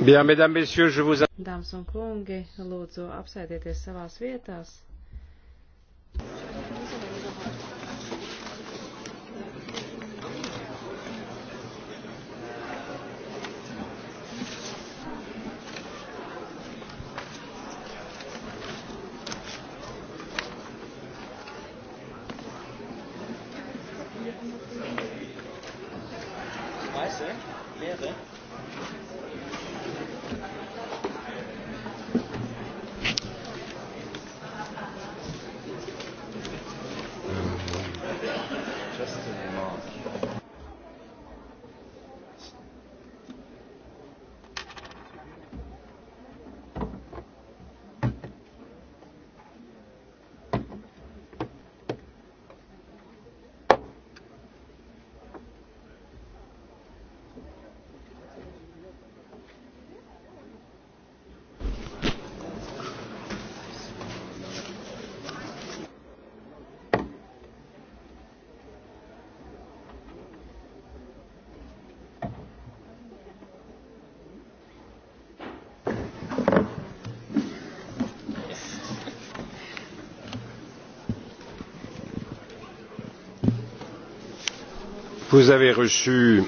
Bien, mesdames, messieurs, je vous... Dāmas un kungi, lūdzu apsēdieties savās vietās. Vous avez reçu.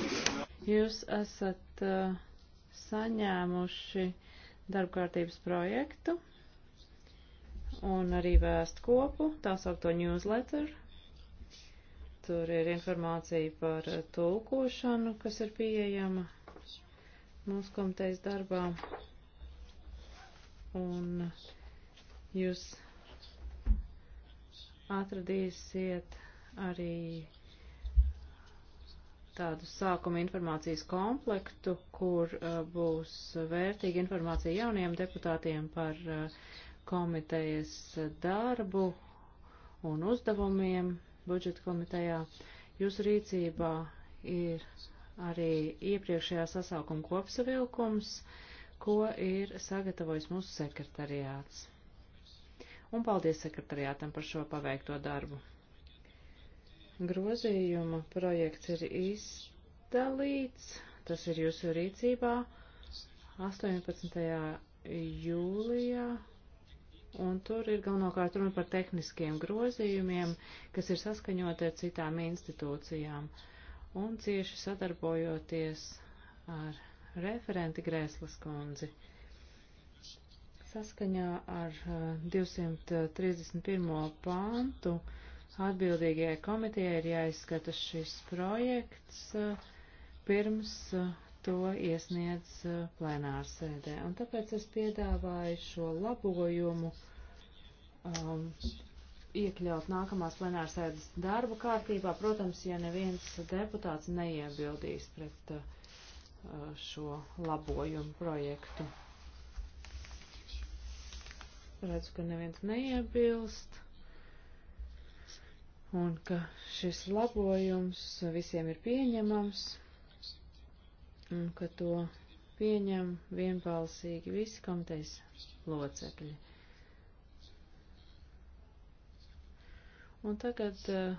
Jūs esat uh, saņēmuši darbkārtības projektu un arī vēstkopu, tā saukto newsletter. Tur ir informācija par tulkošanu, kas ir pieejama mūsu komitejas darbā. Un jūs atradīsiet arī tādu sākuma informācijas komplektu, kur uh, būs vērtīga informācija jauniem deputātiem par uh, komitejas darbu un uzdevumiem budžeta komitejā. Jūsu rīcībā ir arī iepriekšējā sasaukuma kopsavilkums, ko ir sagatavojis mūsu sekretariāts. Un paldies sekretariātam par šo paveikto darbu grozījuma projekts ir izdalīts, tas ir jūsu rīcībā 18. jūlijā, un tur ir galvenokārt runa par tehniskiem grozījumiem, kas ir saskaņoti ar citām institūcijām, un cieši sadarbojoties ar referenti Grēslas kundzi. Saskaņā ar 231. Uh, pāntu atbildīgajai komitejai ir jāizskata šis projekts uh, pirms uh, to iesniedz uh, plenārsēdē. Un tāpēc es piedāvāju šo labojumu um, iekļaut nākamās plenārsēdes darba kārtībā, protams, ja neviens deputāts neiebildīs pret uh, šo labojumu projektu. Redzu, ka neviens neiebilst un ka šis labojums visiem ir pieņemams, un ka to pieņem vienbalsīgi visi komitejas locekļi. Un tagad eh,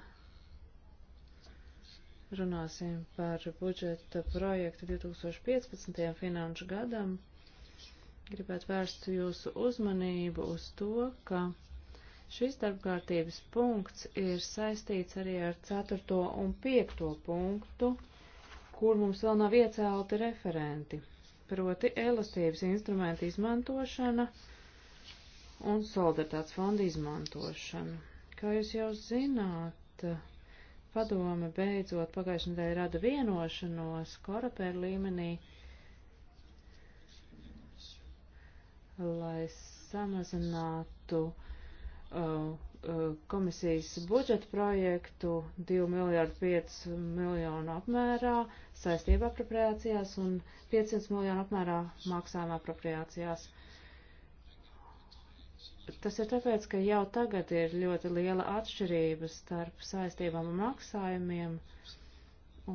runāsim par budžeta projektu 2015. finanšu gadam. Gribētu vērst jūsu uzmanību uz to, ka Šis darbkārtības punkts ir saistīts arī ar 4. un 5. punktu, kur mums vēl nav iecelti referenti, proti elastības instrumenta izmantošana un soldatāts fonda izmantošana. Kā jūs jau zināt, padome beidzot pagājušajā nedēļā rada vienošanos korapēra līmenī, lai samazinātu uh, Uh, uh, komisijas budžeta projektu 2 miljārdu 5 miljonu apmērā saistību apropriācijās un 500 miljonu apmērā maksājuma apropriācijās. Tas ir tāpēc, ka jau tagad ir ļoti liela atšķirība starp saistībām un maksājumiem,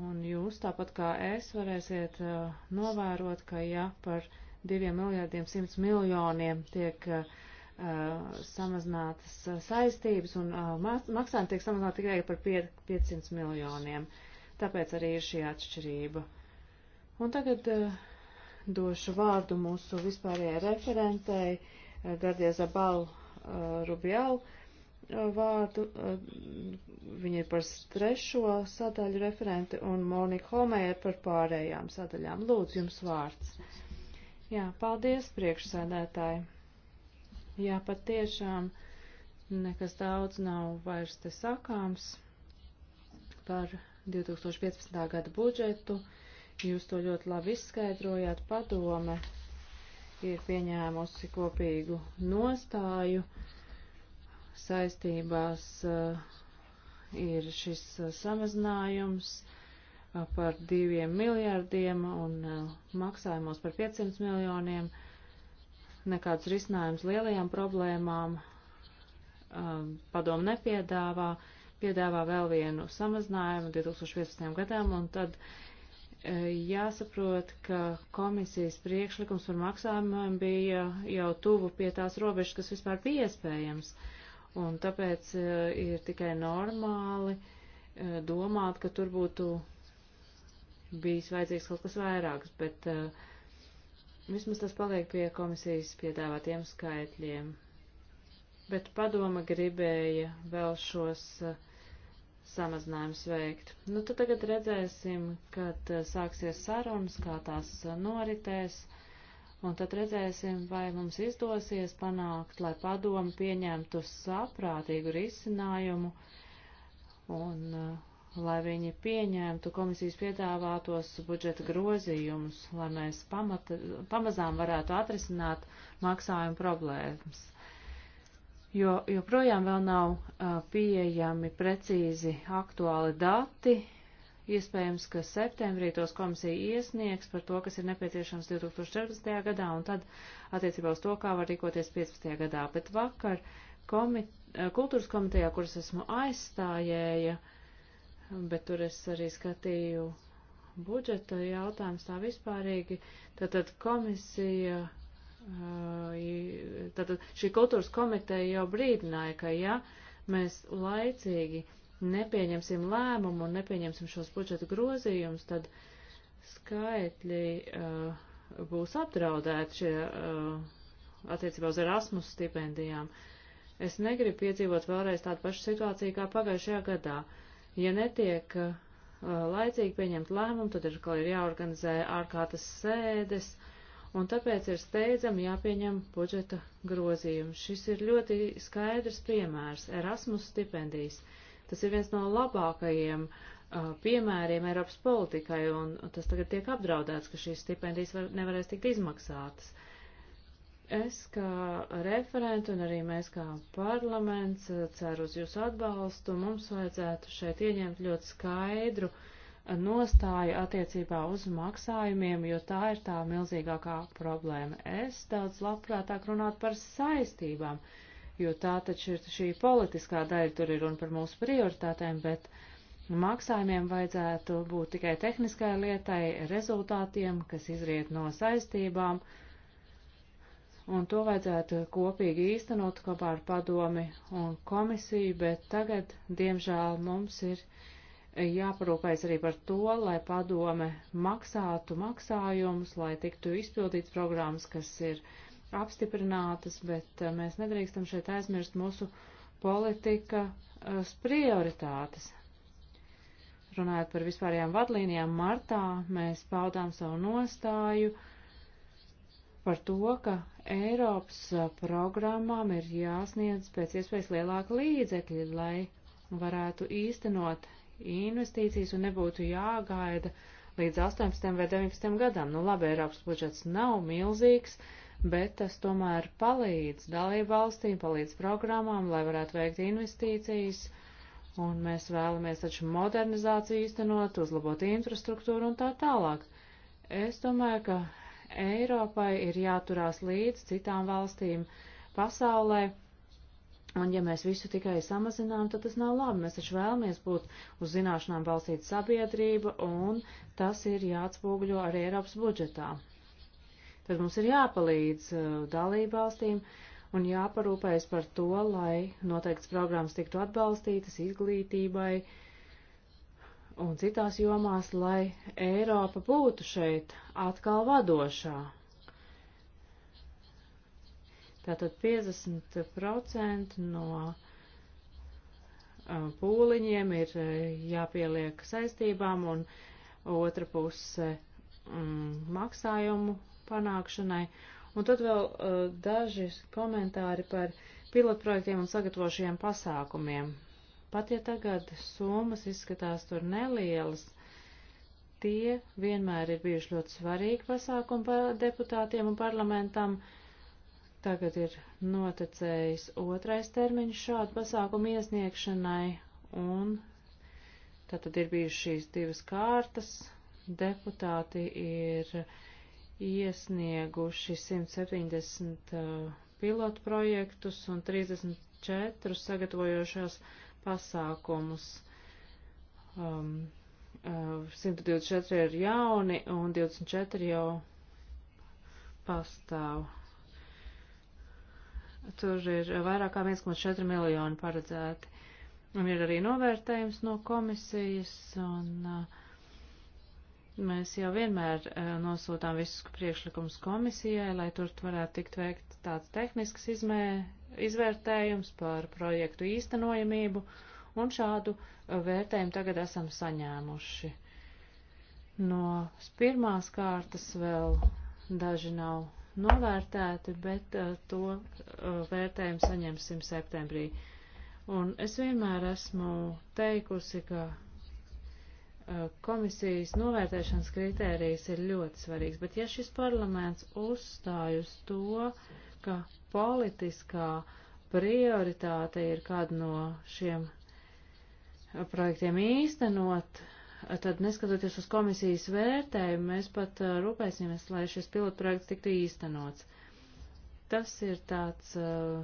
un jūs, tāpat kā es, varēsiet uh, novērot, ka ja par diviem miljārdiem simts miljoniem tiek uh, Uh, samazinātas uh, saistības un uh, maksājumi tiek samazināti tikai par 500 miljoniem. Tāpēc arī ir šī atšķirība. Un tagad došu vārdu mūsu vispārējai referentei Gardie Zabal Rubial vārdu. Viņa ir par trešo sadaļu referente un Monika Homē ir par pārējām sadaļām. Lūdzu, jums vārds. Jā, paldies priekšsēdētāji. Jā, pat tiešām nekas daudz nav vairs te sakāms par 2015. gada budžetu. Jūs to ļoti labi izskaidrojāt. Padome ir pieņēmusi kopīgu nostāju saistībās eh, ir šis eh, samazinājums eh, par diviem miljārdiem un maksājumos par 500 miljoniem nekāds risinājums lielajām problēmām um, padomu nepiedāvā, piedāvā vēl vienu samazinājumu 2015. gadam, un tad uh, jāsaprot, ka komisijas priekšlikums par maksājumiem bija jau tuvu pie tās robežas, kas vispār bija iespējams, un tāpēc uh, ir tikai normāli uh, domāt, ka tur būtu bijis vajadzīgs kaut kas vairāks, bet uh, Vismaz tas paliek pie komisijas piedāvātiem skaitļiem. Bet padoma gribēja vēl šos eh, samazinājumus veikt. Nu, tad tagad redzēsim, kad eh, sāksies sarunas, kā tās eh, noritēs, un tad redzēsim, vai mums izdosies panākt, lai padoma pieņemtu saprātīgu risinājumu un uh, lai viņi pieņemtu komisijas piedāvātos budžeta grozījumus, lai mēs pamata, pamazām varētu atrisināt maksājumu problēmas. Jo joprojām vēl nav uh, pieejami precīzi aktuāli dati, iespējams, ka septembrī tos komisija iesniegs par to, kas ir nepieciešams 2014. gadā, un tad attiecībā uz to, kā var rīkoties 15. gadā. Bet vakar komit kultūras komitejā, kuras esmu aizstājēja, uh, bet tur es arī skatīju budžeta jautājums tā vispārīgi. Tātad komisija, tātad šī kultūras komiteja jau brīdināja, ka ja mēs laicīgi nepieņemsim lēmumu un nepieņemsim šos budžeta grozījumus, tad skaitļi uh, būs apdraudēti šie uh, attiecībā uz Erasmus stipendijām. Es negribu piedzīvot vēlreiz tādu pašu situāciju kā pagājušajā gadā. Uh, Ja netiek uh, laicīgi pieņemt lēmumu, tad ir, ir jāorganizē ārkārtas sēdes, un tāpēc ir steidzami jāpieņem budžeta grozījumi. Šis ir ļoti skaidrs piemērs - Erasmus stipendijas. Tas ir viens no labākajiem uh, piemēriem Eiropas politikai, un tas tagad tiek apdraudēts, ka šīs stipendijas var, nevarēs tikt izmaksātas. Uh, Es kā referenta un arī mēs kā parlaments eh, ceru uz jūsu atbalstu. Mums vajadzētu šeit ieņemt ļoti skaidru eh, nostāju attiecībā uz maksājumiem, jo tā ir tā milzīgākā problēma. Es daudz labprātāk runātu par saistībām, jo tā taču ir šī politiskā daļa, tur ir runa par mūsu prioritātēm, bet maksājumiem vajadzētu būt tikai tehniskai lietai, rezultātiem, kas izriet no saistībām. Uh, un to vajadzētu kopīgi īstenot kopā ar padomi un komisiju, bet tagad, diemžēl, mums ir jāparūpējas arī par to, lai padome maksātu maksājumus, lai tiktu izpildīts programmas, kas ir apstiprinātas, bet eh, mēs nedrīkstam šeit aizmirst mūsu politikas eh, prioritātes. Runājot par vispārējām vadlīnijām, martā mēs paudām savu nostāju, uh, par to, ka Eiropas programmām ir jāsniedz pēc iespējas lielāka līdzekļa, lai varētu īstenot investīcijas un nebūtu jāgaida līdz 18 vai 19 gadam. Nu labi, Eiropas budžets nav milzīgs, bet tas tomēr palīdz dalību valstīm, palīdz programmām, lai varētu veikt investīcijas. Un mēs vēlamies taču modernizāciju īstenot, uzlabot infrastruktūru un tā tālāk. Es domāju, ka Eiropai ir jāturās līdz citām valstīm pasaulē. Un ja mēs visu tikai samazinām, tad tas nav labi. Mēs taču vēlamies būt uz zināšanām balstīta sabiedrība, un tas ir jāatspūgļo arī Eiropas budžetā. Tad mums ir jāpalīdz uh, dalību valstīm un jāparūpējas par to, lai noteikts programmas tiktu atbalstītas izglītībai, uh, un citās jomās, lai Eiropa būtu šeit atkal vadošā. Tātad 50% no uh, pūliņiem ir uh, jāpieliek saistībām un otra puse mm, maksājumu panākšanai. Un tad vēl uh, daži komentāri par pilotprojektiem un sagatavošajiem pasākumiem. Pat ja tagad summas izskatās tur nelielas, tie vienmēr ir bijuši ļoti svarīgi pasākumi deputātiem un parlamentam. Tagad ir noticējis otrais termiņš šādu pasākumu iesniegšanai, un tātad ir bijušas šīs divas kārtas. Deputāti ir iesnieguši 170 uh, pilotu projektus un 34 sagatavojošās pasākumus. Um, uh, 124 ir jauni un 24 jau pastāv. Tur ir vairāk kā 1,4 miljoni paredzēti. Un ir arī novērtējums no komisijas, un uh, mēs jau vienmēr uh, nosūtām visus priekšlikumus komisijai, lai tur varētu tikt veikt tāds tehnisks izmē, izvērtējums par projektu īstenojamību, un šādu uh, vērtējumu tagad esam saņēmuši. No pirmās kārtas vēl daži nav novērtēti, bet uh, to uh, vērtējumu saņemsim septembrī. Un es vienmēr esmu teikusi, ka uh, komisijas novērtēšanas kritērijas ir ļoti svarīgs, bet ja šis parlaments uzstāj uz to, ka politiskā prioritāte ir kādu no šiem projektiem īstenot, tad neskatoties uz komisijas vērtējumu, mēs pat uh, rūpēsimies, lai šis pilotprojekts tiktu īstenots. Tas ir tāds uh,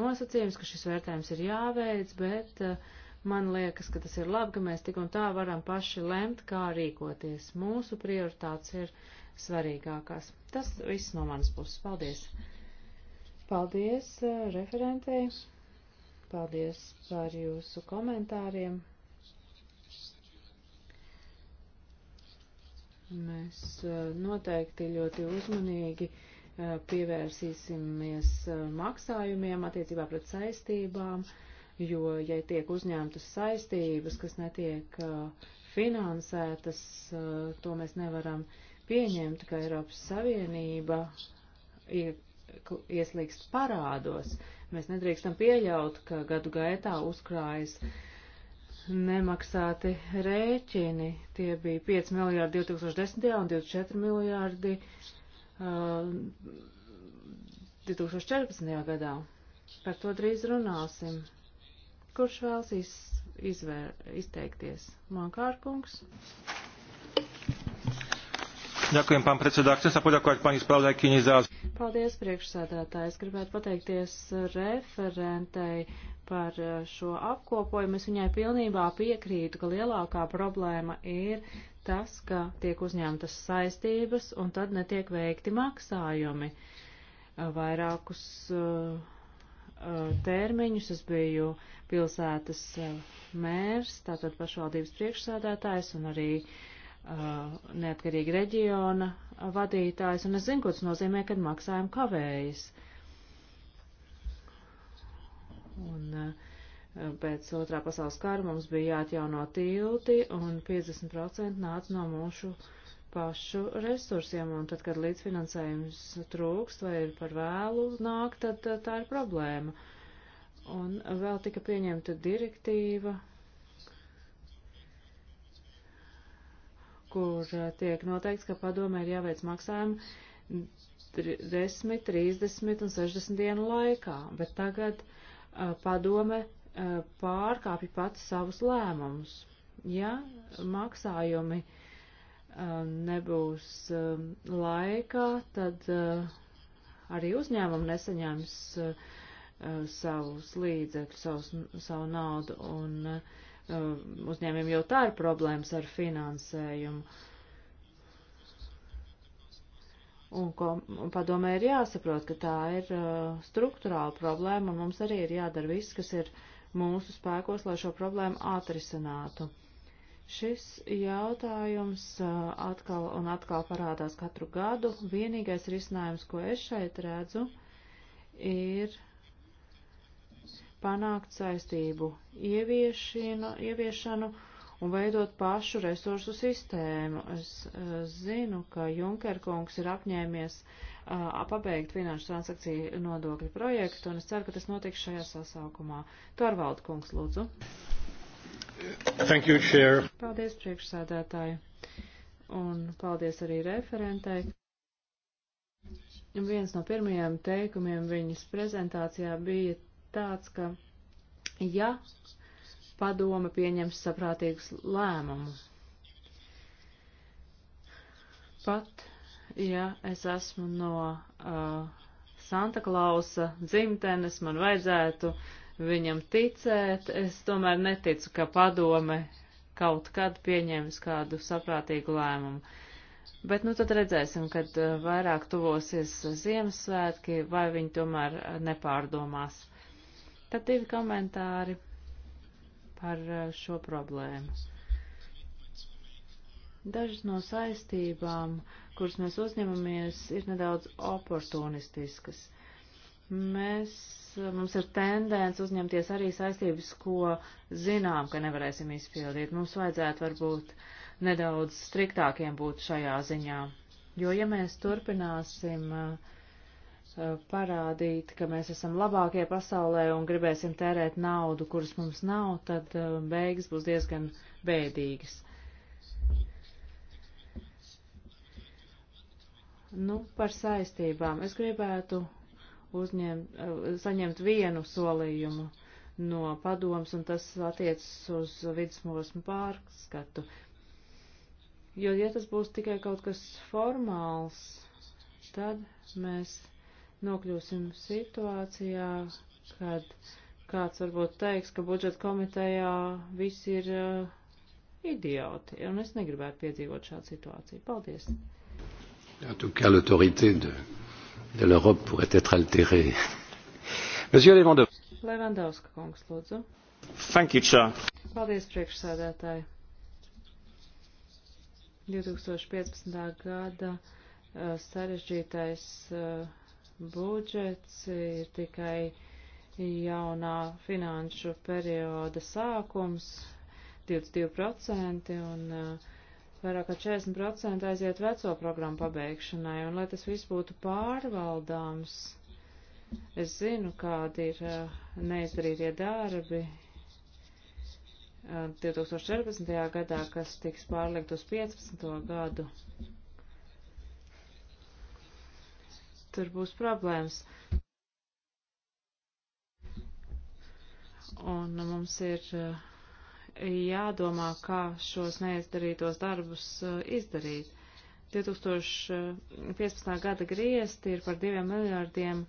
nosacījums, ka šis vērtējums ir jāveic, bet uh, man liekas, ka tas ir labi, ka mēs tik un tā varam paši lemt, kā rīkoties. Mūsu prioritātes ir svarīgākās. Tas viss no manas puses. Paldies! Paldies uh, referentei, paldies par jūsu komentāriem. Mēs uh, noteikti ļoti uzmanīgi uh, pievērsīsimies maksājumiem attiecībā pret saistībām, jo, ja tiek uzņemtas saistības, kas netiek finansētas, to mēs nevaram pieņemt, ka Eiropas Savienība ir ieslīgst parādos. Mēs nedrīkstam pieļaut, ka gadu gaitā uzkrājas nemaksāti rēķini. Tie bija 5 miljārdi 2010. un 24 miljārdi uh, 2014. gadā. Par to drīz runāsim. Kurš vēlas iz, izvēr, izteikties? Mankārkungs? kungs? Ďakujem, pán predsedā. Chcem sa poďakovať pani spravodajkyni za... Paldies, priekšsēdētāji. Es gribētu pateikties referentei par šo apkopojumu. Es viņai pilnībā piekrītu, ka lielākā problēma ir tas, ka tiek uzņemtas saistības un tad netiek veikti maksājumi. Vairākus uh, uh, termiņus es biju pilsētas uh, mērs, tātad pašvaldības priekšsēdētājs un arī uh, Uh, neatkarīgi reģiona vadītājs, un es zinu, ko tas nozīmē, kad maksājumi kavējas. Un uh, pēc otrā pasaules kara mums bija jāatjauno tilti, un 50% nāca no mūsu pašu resursiem, un tad, kad līdzfinansējums trūkst vai ir par vēlu nāk, tad tā ir problēma. Un vēl tika pieņemta direktīva kur eh, tiek noteikts, ka padomē ir jāveic maksājumi 10, 30 un 60 dienu laikā, bet tagad uh, padome uh, eh, pārkāpja pats savus lēmumus. Ja maksājumi uh, nebūs laikā, tad arī uzņēmumi nesaņems savus līdzekļus, savu naudu. Un, uh, Um, uzņēmumiem jau tā ir problēmas ar finansējumu. Un, ko, un padomē ir jāsaprot, ka tā ir uh, struktūrāla problēma, un mums arī ir jādara viss, kas ir mūsu spēkos, lai šo problēmu atrisinātu. Šis jautājums uh, atkal un atkal parādās katru gadu. Vienīgais risinājums, ko es šeit redzu, ir panākt saistību ieviešanu, ieviešanu un veidot pašu resursu sistēmu. Es eh, zinu, ka Junkerkungs ir apņēmies a, eh, pabeigt finanšu transakciju nodokļu projektu, un es ceru, ka tas notiks šajā sasaukumā. Torvalda kungs, lūdzu. Thank you, Chair. Paldies, priekšsādātāji. Un paldies arī referentei. Viens no pirmajiem teikumiem viņas prezentācijā bija tāds, ka ja padome pieņems saprātīgus lēmumus, pat ja es esmu no uh, Santa Klausa dzimtenes, man vajadzētu viņam ticēt, es tomēr neticu, ka padome kaut kad pieņems kādu saprātīgu lēmumu. Bet nu tad redzēsim, kad uh, vairāk tuvosies Ziemassvētki, vai viņi tomēr nepārdomās. Tad divi komentāri par eh, šo problēmu. Dažas no saistībām, kuras mēs uzņemamies, ir nedaudz oportunistiskas. Mēs, eh, mums ir tendence uzņemties arī saistības, ko zinām, ka nevarēsim izpildīt. Mums vajadzētu varbūt nedaudz striktākiem būt šajā ziņā. Jo, ja mēs turpināsim uh, Eh, parādīt, ka mēs esam labākie pasaulē un gribēsim tērēt naudu, kuras mums nav, tad eh, beigas būs diezgan bēdīgas. Nu, par saistībām. Es gribētu uzņemt, eh, saņemt vienu solījumu no padoms, un tas attiecas uz vidusmosmu pārskatu. Jo, ja tas būs tikai kaut kas formāls, tad mēs nokļūsim situācijā, kad kāds varbūt teiks, ka budžeta komitejā viss ir uh, idioti, un es negribētu piedzīvot šādu situāciju. Paldies! En tout cas, l'autorité de, de l'Europe pourrait être altérée. Monsieur Lewandowski. Lewandowski, kungs, lūdzu. Thank you, Chair. Paldies, priekšsēdētāji. 2015. gada eh, sarežģītais uh, budžets ir tikai jaunā finanšu perioda sākums, 22% un uh, vairāk kā 40% aiziet veco programmu pabeigšanai, un lai tas viss būtu pārvaldāms, es zinu, kādi ir uh, neizdarītie darbi, 2014. Uh, gadā, kas tiks pārlikt uz 15. gadu. tur būs problēmas. Un mums ir eh, jādomā, kā šos neizdarītos darbus eh, izdarīt. 2015. Eh, gada griezti ir par diviem miljārdiem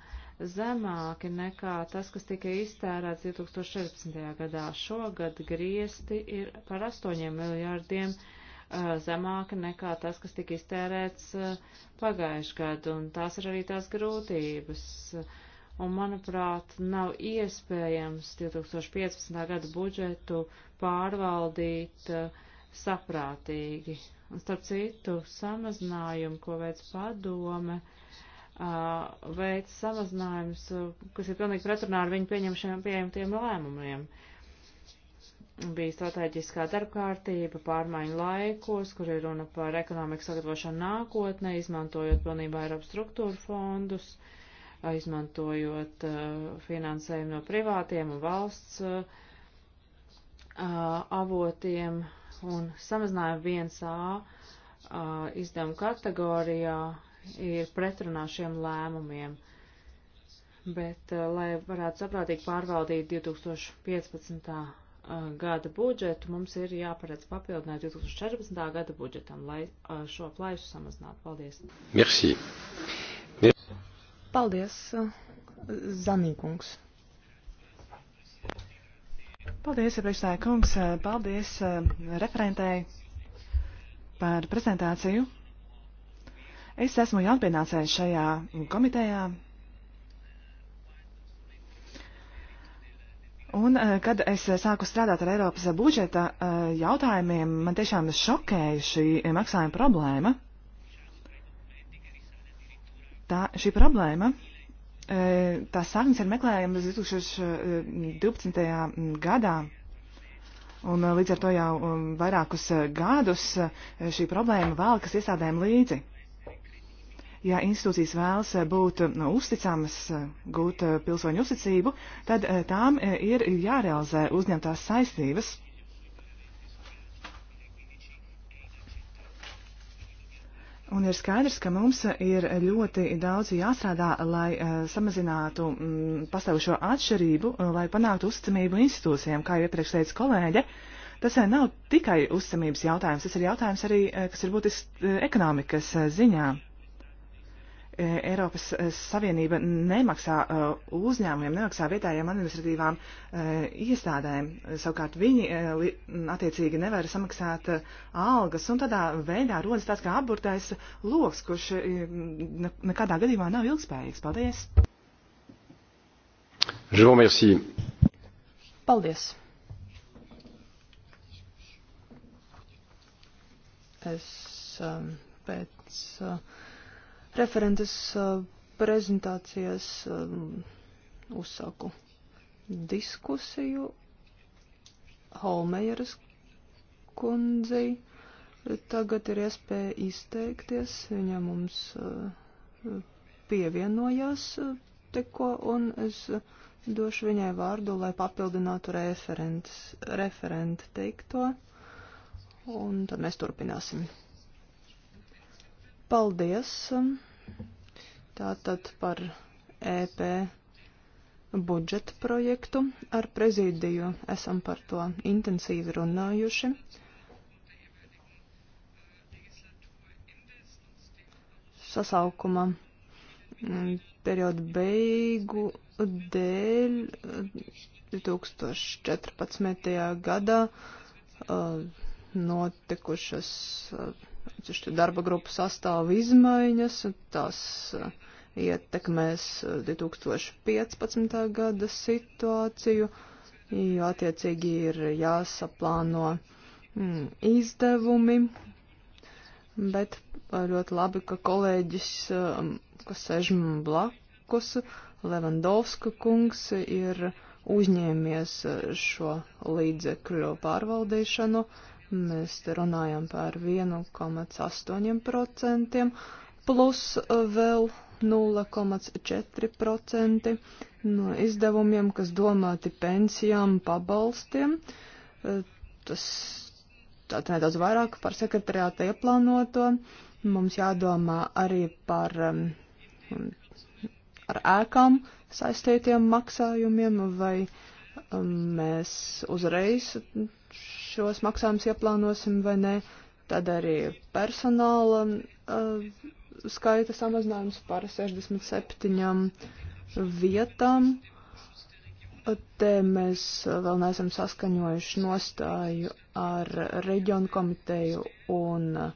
zemāki nekā tas, kas tika iztērēts 2014. gadā. Šogad griezti ir par 8 miljārdiem zemāki Uh, zemāka nekā tas, kas tika iztērēts uh, pagājuši gadu, un tās ir arī tās grūtības. Un, manuprāt, nav iespējams 2015. gada budžetu pārvaldīt uh, saprātīgi. Un, starp citu, samazinājumu, ko veids padome, veids samazinājums, kas ir pilnīgi pretrunā ar viņu pieņemtiem lēmumiem. Uh, bija strateģiskā darbkārtība pārmaiņu laikos, kur ir runa par ekonomikas sagatavošanu nākotnē, izmantojot pilnībā Eiropas struktūra fondus, izmantojot uh, finansējumu no privātiem un valsts uh, avotiem un samazinājumu 1A uh, izdevumu kategorijā ir pretrunā šiem lēmumiem. Bet, lai varētu saprātīgi pārvaldīt 2015 Uh, gada budžetu mums ir jāparedz papildināt 2014. gada budžetam, lai uh, šo plaisu samazinātu. Paldies. Merci. Merci. Paldies, Zanīkungs. Paldies, priekšstāja kungs. Paldies uh, referentēji par prezentāciju. Es esmu jaunpienācējs šajā komitejā Un, eh, kad es sāku strādāt ar Eiropas budžeta eh, jautājumiem, man tiešām šokēja šī maksājuma problēma. Tā, šī problēma, eh, tā saknes ir meklējama 2012. Mm, gadā. Un līdz ar to jau mm, vairākus gadus šī problēma vēl, kas iestādēm līdzi ja institūcijas vēlas eh, būt no, eh, uzticamas, eh, gūt pilsoņu uzticību, tad tām ir jārealizē uzņemtās saistības. Un ir skaidrs, ka mums ir ļoti daudz jāstrādā, lai uh, samazinātu mm, pastāvošo atšķirību, lai panāktu uzticamību institūcijām, kā jau iepriekš teica kolēģe. Tas uh, nav tikai uzticamības jautājums, tas ir jautājums arī, uh, kas ir būtisks uh, ekonomikas uh, ziņā. Uh, Eiropas eh, Savienība nemaksā eh, uzņēmumiem, nemaksā vietējām administratīvām eh, iestādēm. Savukārt viņi attiecīgi nevar samaksāt algas, un tādā veidā rodas tāds kā apburtais loks, kurš nekādā gadījumā nav ilgspējīgs. Paldies! Paldies! Es um, pēc. Uh, referentes uh, prezentācijas um, uzsāku diskusiju Holmejeras kundzei. Tagad ir iespēja izteikties, viņa mums uh, pievienojās uh, tikko, un es došu viņai vārdu, lai papildinātu referentu teikto, un tad mēs turpināsim. Paldies! Um, Tātad par EP budžeta projektu ar prezīdiju esam par to intensīvi runājuši. Sasaukuma mm, perioda beigu dēļ 2014. Eh, gadā eh, notikušas eh, darba grupu sastāvu izmaiņas, tas uh, ietekmēs 2015. Uh, gada situāciju, jo attiecīgi ir jāsaplāno mm, izdevumi, bet uh, ļoti labi, ka kolēģis, um, kas sēž blakus, Levandovska kungs ir uzņēmies šo līdzekļu pārvaldīšanu. Uh, Mēs runājam par 1,8% plus uh, vēl 0,4% no izdevumiem, kas domāti pensijām, pabalstiem. Uh, tas tātad nedaudz vairāk par sekretariāta ieplānoto. Mums jādomā arī par um, ar ēkām saistītiem maksājumiem, vai um, mēs uzreiz šos maksājumus ieplānosim vai nē. Tad arī personāla uh, skaita samazinājums par 67 vietām. Te mēs eh, vēl neesam saskaņojuši nostāju ar reģionu komiteju un eh,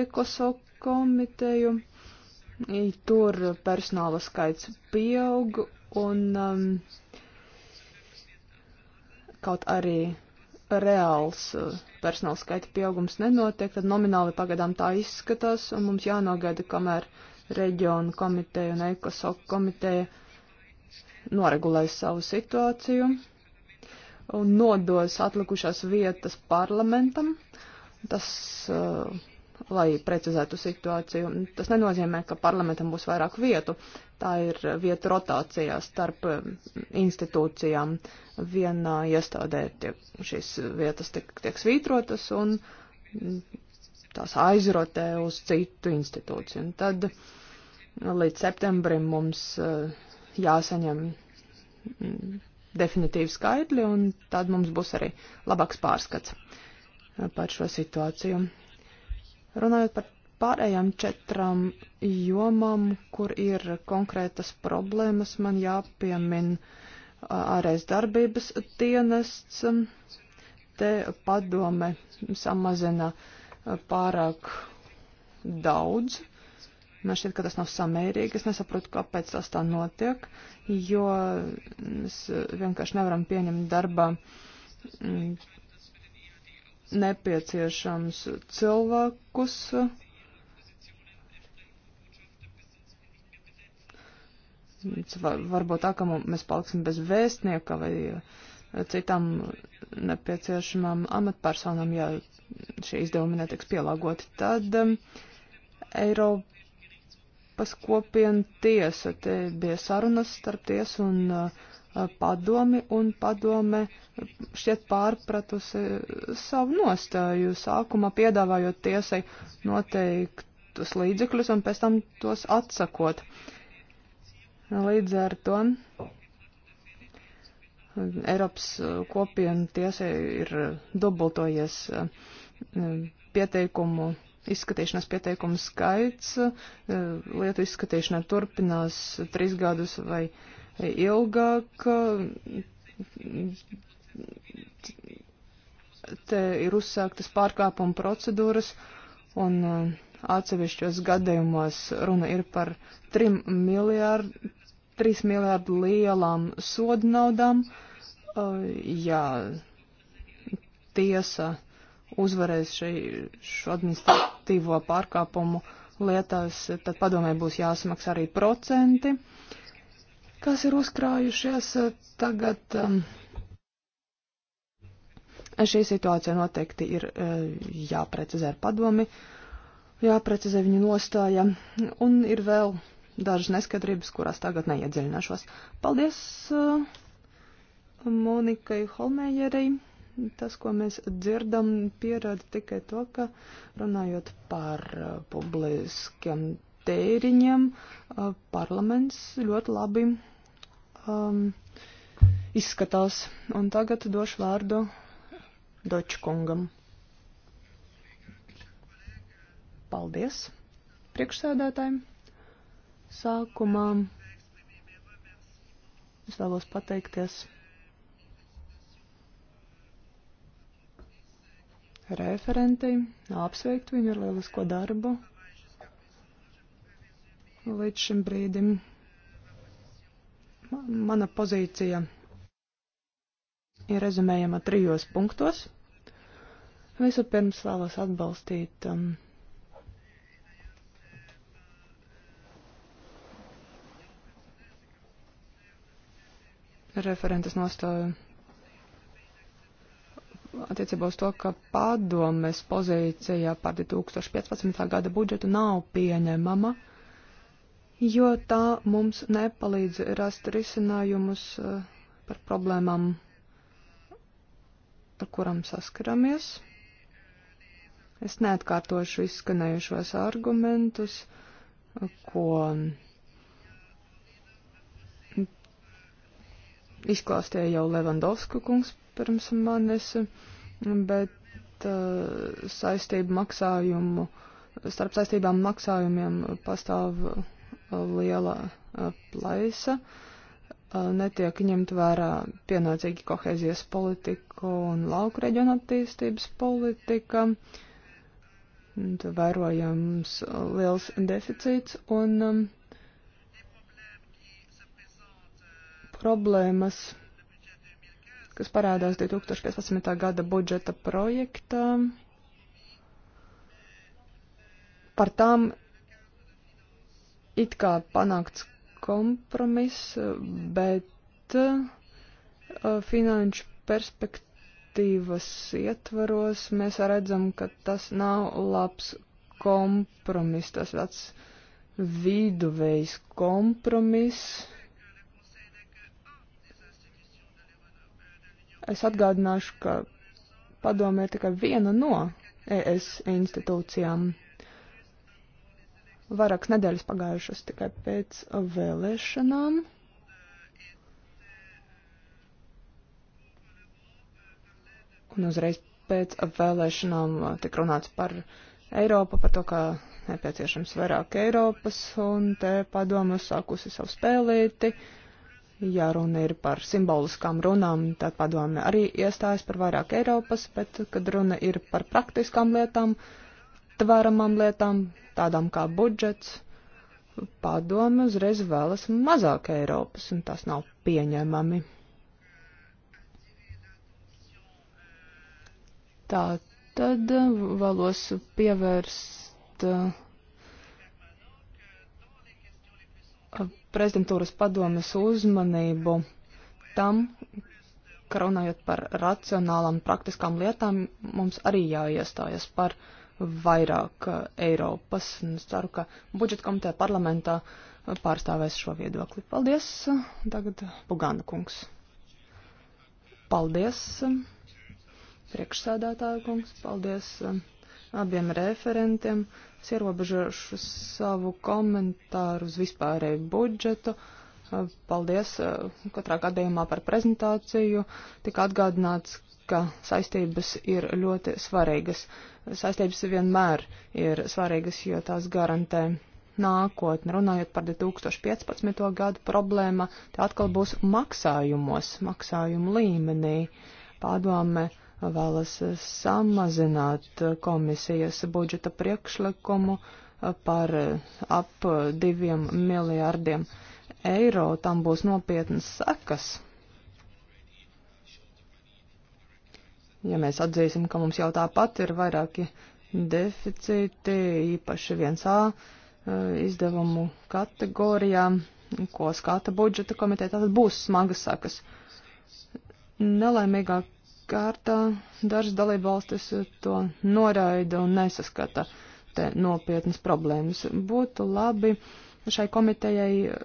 ekoso komiteju. Tur personāla skaits pieaug un um, kaut arī reāls eh, personāla skaita pieaugums nenotiek, tad nomināli pagadām tā izskatās, un mums jānogaida, kamēr reģionu komiteja un ekosok komiteja noregulēs savu situāciju un nodos atlikušās vietas parlamentam. Tas uh, lai precizētu situāciju. Tas nenozīmē, ka parlamentam būs vairāk vietu. Tā ir vieta rotācijā starp um, institūcijām. Vienā iestādē tiek, šīs vietas tiek, tiek svītrotas un mm, tās aizrotē uz citu institūciju. Un tad nu, līdz septembrim mums uh, jāsaņem mm, definitīvi skaidri, un tad mums būs arī labāks pārskats uh, par šo situāciju. Runājot par pārējām četrām jomām, kur ir konkrētas problēmas, man jāpiemin ārēs darbības dienests. Te padome samazina pārāk daudz. Man šķiet, ka tas nav samērīgi. Es nesaprotu, kāpēc tas tā notiek, jo mēs vienkārši nevaram pieņemt darbā nepieciešams cilvēkus. Varbūt tā, ka mēs paliksim bez vēstnieka vai eh, citām nepieciešamām amatpersonām, ja šie izdevumi netiks pielāgoti. Tad um, Eiropas kopiena tiesa, te bija sarunas starp tiesu un uh, Eh, padomi, un padome šķiet pārpratusi savu nostāju, sākumā piedāvājot tiesai noteiktus līdzekļus un pēc tam tos atsakot. Līdz ar to Eiropas kopienu tiesai ir dubultojies eh, pieteikumu izskatīšanas pieteikumu skaits, eh, lietu izskatīšana turpinās trīs gadus vai uh, ilgāk. Te ir uzsāktas pārkāpuma procedūras, un uh, atsevišķos gadījumos runa ir par 3 miljārdu, 3 miljārdu lielām sodu naudām. Uh, ja tiesa uzvarēs šai, šo administratīvo pārkāpumu lietās, tad padomē būs jāsmaksā arī procenti. Uh, kas ir uzkrājušies eh, tagad. Um, šī situācija noteikti ir eh, jāprecizē ar padomi, jāprecizē viņa nostāja, un ir vēl dažas neskaidrības, kurās tagad neiedziļināšos. Paldies eh, Monikai Holmējerei. Tas, ko mēs dzirdam, pierāda tikai to, ka runājot par publiskiem tēriņiem, parlaments ļoti labi um, izskatās. Un tagad došu vārdu Dočkungam. Paldies priekšsēdētājiem. Sākumā es vēlos pateikties referentei, apsveikt viņu ar lielisko darbu līdz šim brīdim. Mana pozīcija ir rezumējama trijos punktos. Vispirms vēlos atbalstīt um, referentes nostāju attiecībā uz to, ka padomes pozīcija par 2015. gada budžetu nav pieņemama. Uh, jo tā mums nepalīdz rast risinājumus eh, par problēmām, ar kurām saskaramies. Es neatkārtošu izskanējušos argumentus, ko izklāstīja jau Levandovska kungs pirms manis, bet uh, saistību maksājumu, starp saistībām maksājumiem pastāv liela plaisa, netiek ņemt vērā pienācīgi kohēzijas politika un lauku reģiona attīstības politika. Vērojams liels deficīts un um, problēmas, kas parādās 2015. gada budžeta projektā. Par tām it kā panākts kompromiss, bet uh, finanšu perspektīvas ietvaros mēs redzam, ka tas nav labs kompromiss, tas tāds viduvējs kompromiss. Es atgādināšu, ka padome ir tikai viena no ES institūcijām. Vairākas nedēļas pagājušas tikai pēc vēlēšanām. Un uzreiz pēc vēlēšanām uh, tika runāts par Eiropu, par to, ka nepieciešams vairāk Eiropas, un te padomu sākusi savu spēlīti. Ja runa ir par simboliskām runām, tad padome arī iestājas par vairāk Eiropas, bet, kad runa ir par praktiskām lietām, uh, neaptveramām lietām, tādām kā budžets, padome uzreiz vēlas mazāk Eiropas, un tas nav pieņemami. Tā tad eh, vēlos pievērst eh, prezidentūras padomes uzmanību tam, ka runājot par racionālām praktiskām lietām, mums arī jāiestājas par uh, vairāk eh, Eiropas. Un es ceru, ka budžeta komiteja parlamentā eh, pārstāvēs šo viedokli. Paldies. Eh, tagad Pugāna kungs. Paldies. Priekšsēdētāju kungs. Paldies abiem referentiem. Es ierobežošu savu komentāru uz vispārēju budžetu. Paldies katrā gadījumā par prezentāciju. Tik atgādināts, ka saistības ir ļoti svarīgas. Saistības vienmēr ir svarīgas, jo tās garantē nākotni. Runājot par 2015. gadu problēma, tā atkal būs maksājumos, maksājumu līmenī. Pārdomē vēlas samazināt komisijas budžeta priekšlikumu par ap diviem miljārdiem eiro. Tam būs nopietnas sekas Ja mēs atzīsim, ka mums jau tāpat ir vairāki deficīti, īpaši 1A e, izdevumu kategorijā, ko skata budžeta komiteja, tad būs smagas sakas. Nelaimīgā kārtā dažas dalībvalstis to noraida un nesaskata te nopietnas problēmas. Būtu labi šai komitejai e,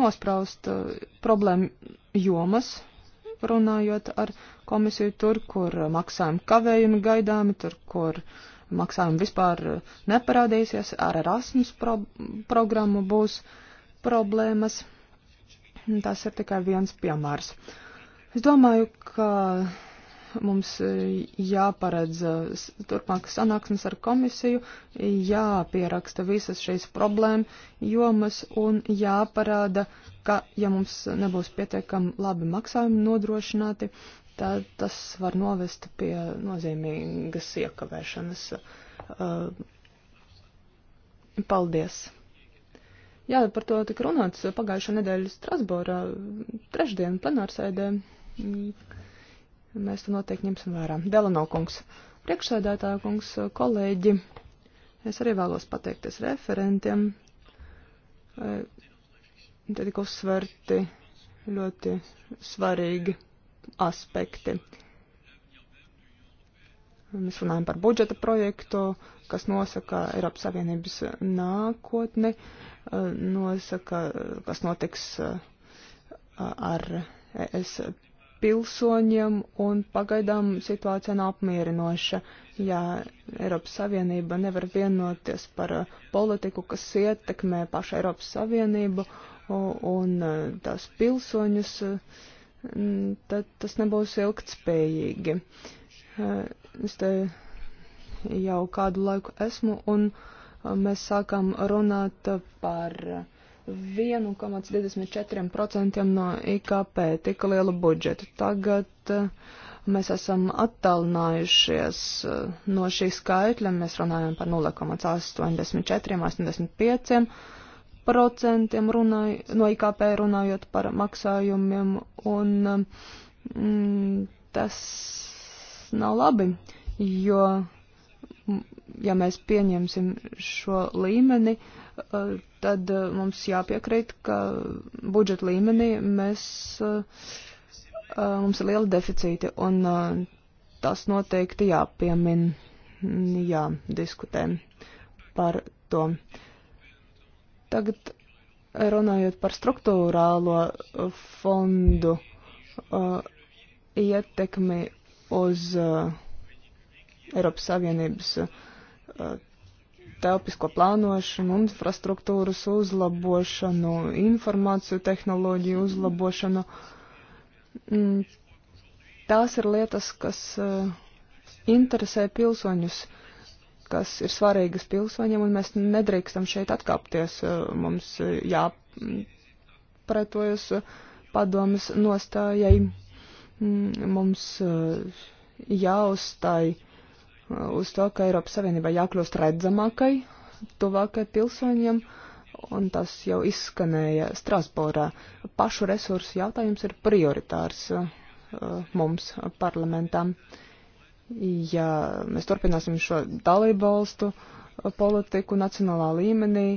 nospraust e, problēmu jomas, runājot ar komisiju tur, kur maksājumi kavējumi gaidāmi, tur, kur maksājumi vispār neparādīsies, ar Erasmus pro programmu būs problēmas. Tas ir tikai viens piemērs. Es domāju, ka mums jāparedz turpmākas sanāksmes ar komisiju, jāpieraksta visas šīs problēma jomas un jāparāda, ka, ja mums nebūs pietiekami labi maksājumi nodrošināti, tad tas var novest pie nozīmīgas iekavēšanas. Uh, paldies! Jā, par to tika runāts pagājušā nedēļa Strasbūrā, trešdien plenārsēdē. Mēs to noteikti ņemsim vērā. Delano kungs, priekšsēdētā kungs, kolēģi, es arī vēlos pateikties referentiem Te tika uzsverti ļoti svarīgi aspekti. Mēs runājam par budžeta projektu, kas nosaka Eiropas Savienības nākotni, nosaka, kas notiks ar ES pilsoņiem, un pagaidām situācija nav apmierinoša. Ja Eiropas Savienība nevar vienoties par politiku, kas ietekmē pašu Eiropas Savienību, uh, un eh, tās pilsoņus, eh, tad tas nebūs ilgtspējīgi. Eh, es te jau kādu laiku esmu, un mēs sākam runāt par 1,24% no IKP, tik lielu budžetu. Tagad mēs esam attālinājušies no šī skaitļa, mēs runājam par 0,84, 85 procentiem runāj, no IKP runājot par maksājumiem, un mm, tas nav labi, jo, mm, ja mēs pieņemsim šo līmeni, eh, tad eh, mums jāpiekrīt, ka budžeta līmenī mēs, eh, mums ir liela deficīti, un tas noteikti jāpiemin, jādiskutē par to. Uh, Tagad runājot par struktūrālo fondu uh, ietekmi uz uh, Eiropas Savienības uh, telpisko plānošanu, infrastruktūras uzlabošanu, informāciju tehnoloģiju uzlabošanu. Mm, tās ir lietas, kas uh, interesē pilsoņus. Uh, kas ir svarīgas pilsoņiem, un mēs nedrīkstam šeit atkāpties. Eh, mums eh, jāpretojas eh, padomas nostājai, mm, mums jāuzstāj uz to, ka Eiropas Savienībai jākļūst redzamākai, tuvākai pilsoņiem, un tas jau izskanēja Strasbūrā. Pašu resursu jautājums ir prioritārs mums parlamentām. Uh, ja mēs turpināsim šo dalību valstu uh, politiku nacionālā līmenī,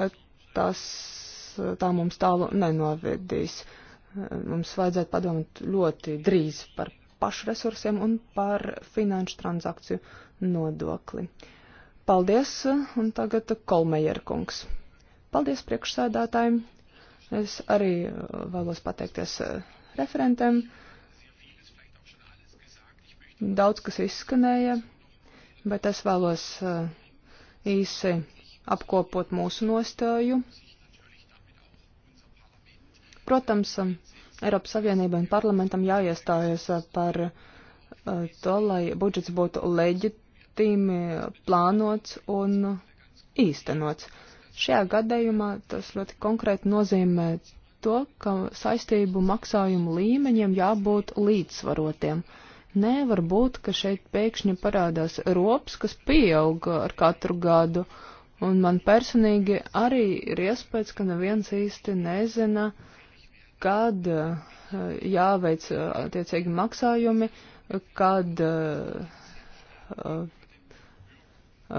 uh, tas uh, tā mums tālu nenovedīs. Mums vajadzētu padomāt ļoti drīz par pašresursiem un par finanšu transakciju nodokli. Paldies, un tagad Kolmejer kungs. Paldies priekšsēdātājiem. Es arī vēlos pateikties referentiem. Daudz kas izskanēja, bet es vēlos eh, īsi apkopot mūsu nostāju. Protams, Eiropas Savienībai un parlamentam jāiestājas eh, par eh, to, lai budžets būtu leģitīmi plānots un īstenots. Šajā gadījumā tas ļoti konkrēti nozīmē to, ka saistību maksājumu līmeņiem jābūt līdzsvarotiem. Uh, Nevar būt, ka šeit pēkšņi parādās rops, kas pieaug ar katru gadu, un man personīgi arī ir iespējas, ka neviens īsti nezina, kad eh, jāveic eh, attiecīgi maksājumi, kad eh,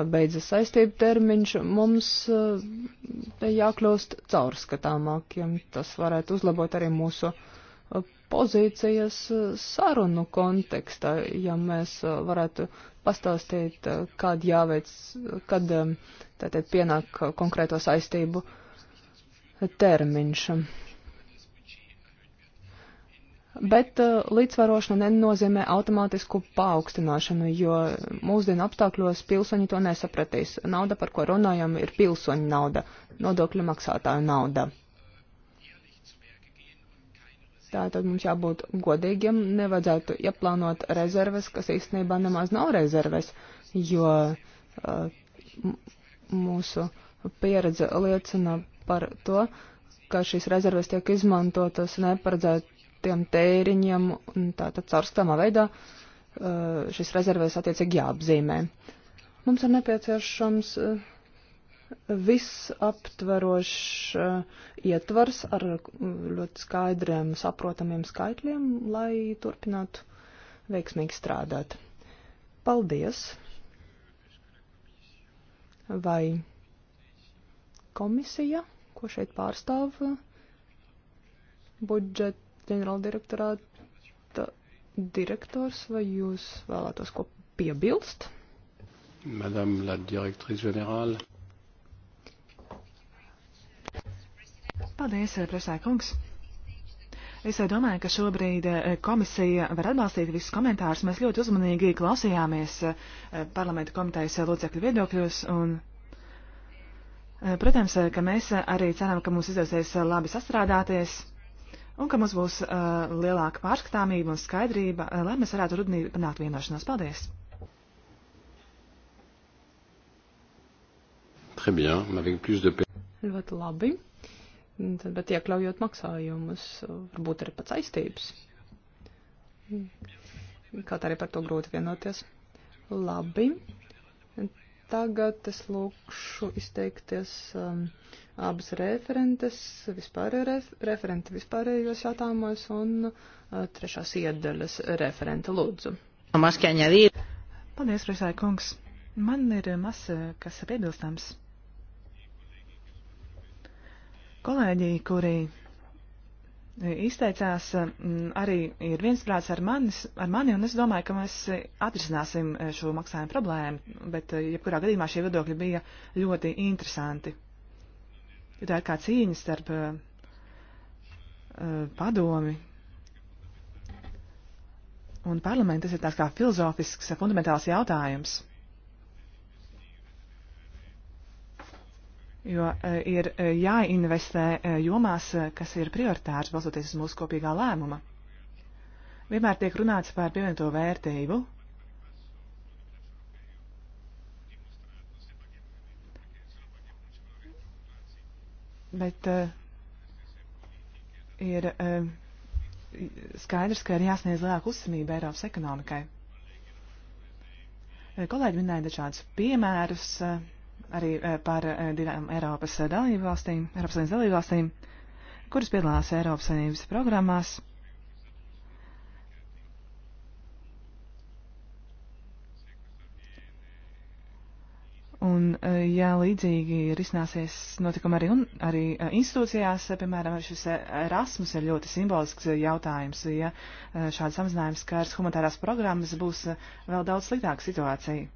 beidzas saistību termiņš, mums jākļūst caurskatāmākiem. Tas varētu uzlabot arī mūsu uh, pozīcijas eh, sarunu kontekstā, ja mēs eh, varētu pastāstīt, eh, kad jāveic, kad tātad pienāk konkrēto saistību termiņš. Bet līdzvarošana nenozīmē automātisku paaugstināšanu, jo mūsdienu apstākļos pilsoņi to nesapratīs. Nauda, par ko runājam, ir pilsoņu nauda, nodokļu maksātāju nauda. Tātad mums jābūt godīgiem, nevajadzētu ieplānot rezerves, kas īstenībā nemaz nav rezerves, jo uh, mūsu pieredze liecina par to, ka šīs rezerves tiek izmantotas neparedzētiem tēriņiem un tātad caurstāmā veidā uh, šīs rezerves attiecīgi jāapzīmē. Mums ir nepieciešams uh, visaptverošs uh, ietvars ar uh, ļoti skaidriem, saprotamiem skaitļiem, lai turpinātu veiksmīgi strādāt. Paldies! Vai komisija, ko šeit pārstāv budžeta ģenerāldirektorāta direktors, vai jūs vēlētos ko piebilst? Madame la directrice générale. Paldies, eh, profesār kungs. Es eh, domāju, ka šobrīd eh, komisija var atbalstīt visus komentārus. Mēs ļoti uzmanīgi klausījāmies parlamenta komitejas locekļu viedokļos. Un, protams, ka mēs arī ceram, ka mums izdosies labi sastrādāties un ka mums būs lielāka pārskatāmība un skaidrība, lai mēs varētu rudnī panākt vienošanos. Paldies! Très bien, avec plus de... Ļoti labi. Tad, bet iekļaujot maksājumus, varbūt arī pat saistības. Kaut arī par to grūti vienoties. Labi. Tagad es lūkšu izteikties um, abas referentes, vispārējo ref, referenti vispārējos jautājumos un uh, trešās iedaļas referenta lūdzu. Paldies, Rasai kungs. Man ir masa, kas ir piebilstams. Kolēģi, kuri izteicās, arī ir viensprāts ar, manis, ar mani, un es domāju, ka mēs atrisināsim šo maksājumu problēmu, bet eh, jebkurā gadījumā šie viedokļi bija ļoti interesanti. Jo tā ir kā cīņa starp eh, padomi un parlamentu, tas ir tās kā filozofisks fundamentāls jautājums. jo e, ir e, jāinvestē e, jomās, kas ir prioritārs, balstoties uz mūsu kopīgā lēmuma. Vienmēr tiek runāts par pievienoto vērtību. Bet uh, ir uh, skaidrs, ka ir jāsniedz lielāka uzticamība Eiropas ekonomikai. Kolēģi minēja dažādus piemērus. Uh, arī eh, par eh, divām Eiropas eh, dalību valstīm, Eiropas Savienības dalību valstīm, kuras piedalās Eiropas Savienības programmās. Un, ja līdzīgi risināsies notikumi arī, un, arī institūcijās, piemēram, šis Erasmus ir ļoti simbolisks jautājums, ja šāds samazinājums skars humanitārās programmas, būs vēl daudz sliktāka situācija.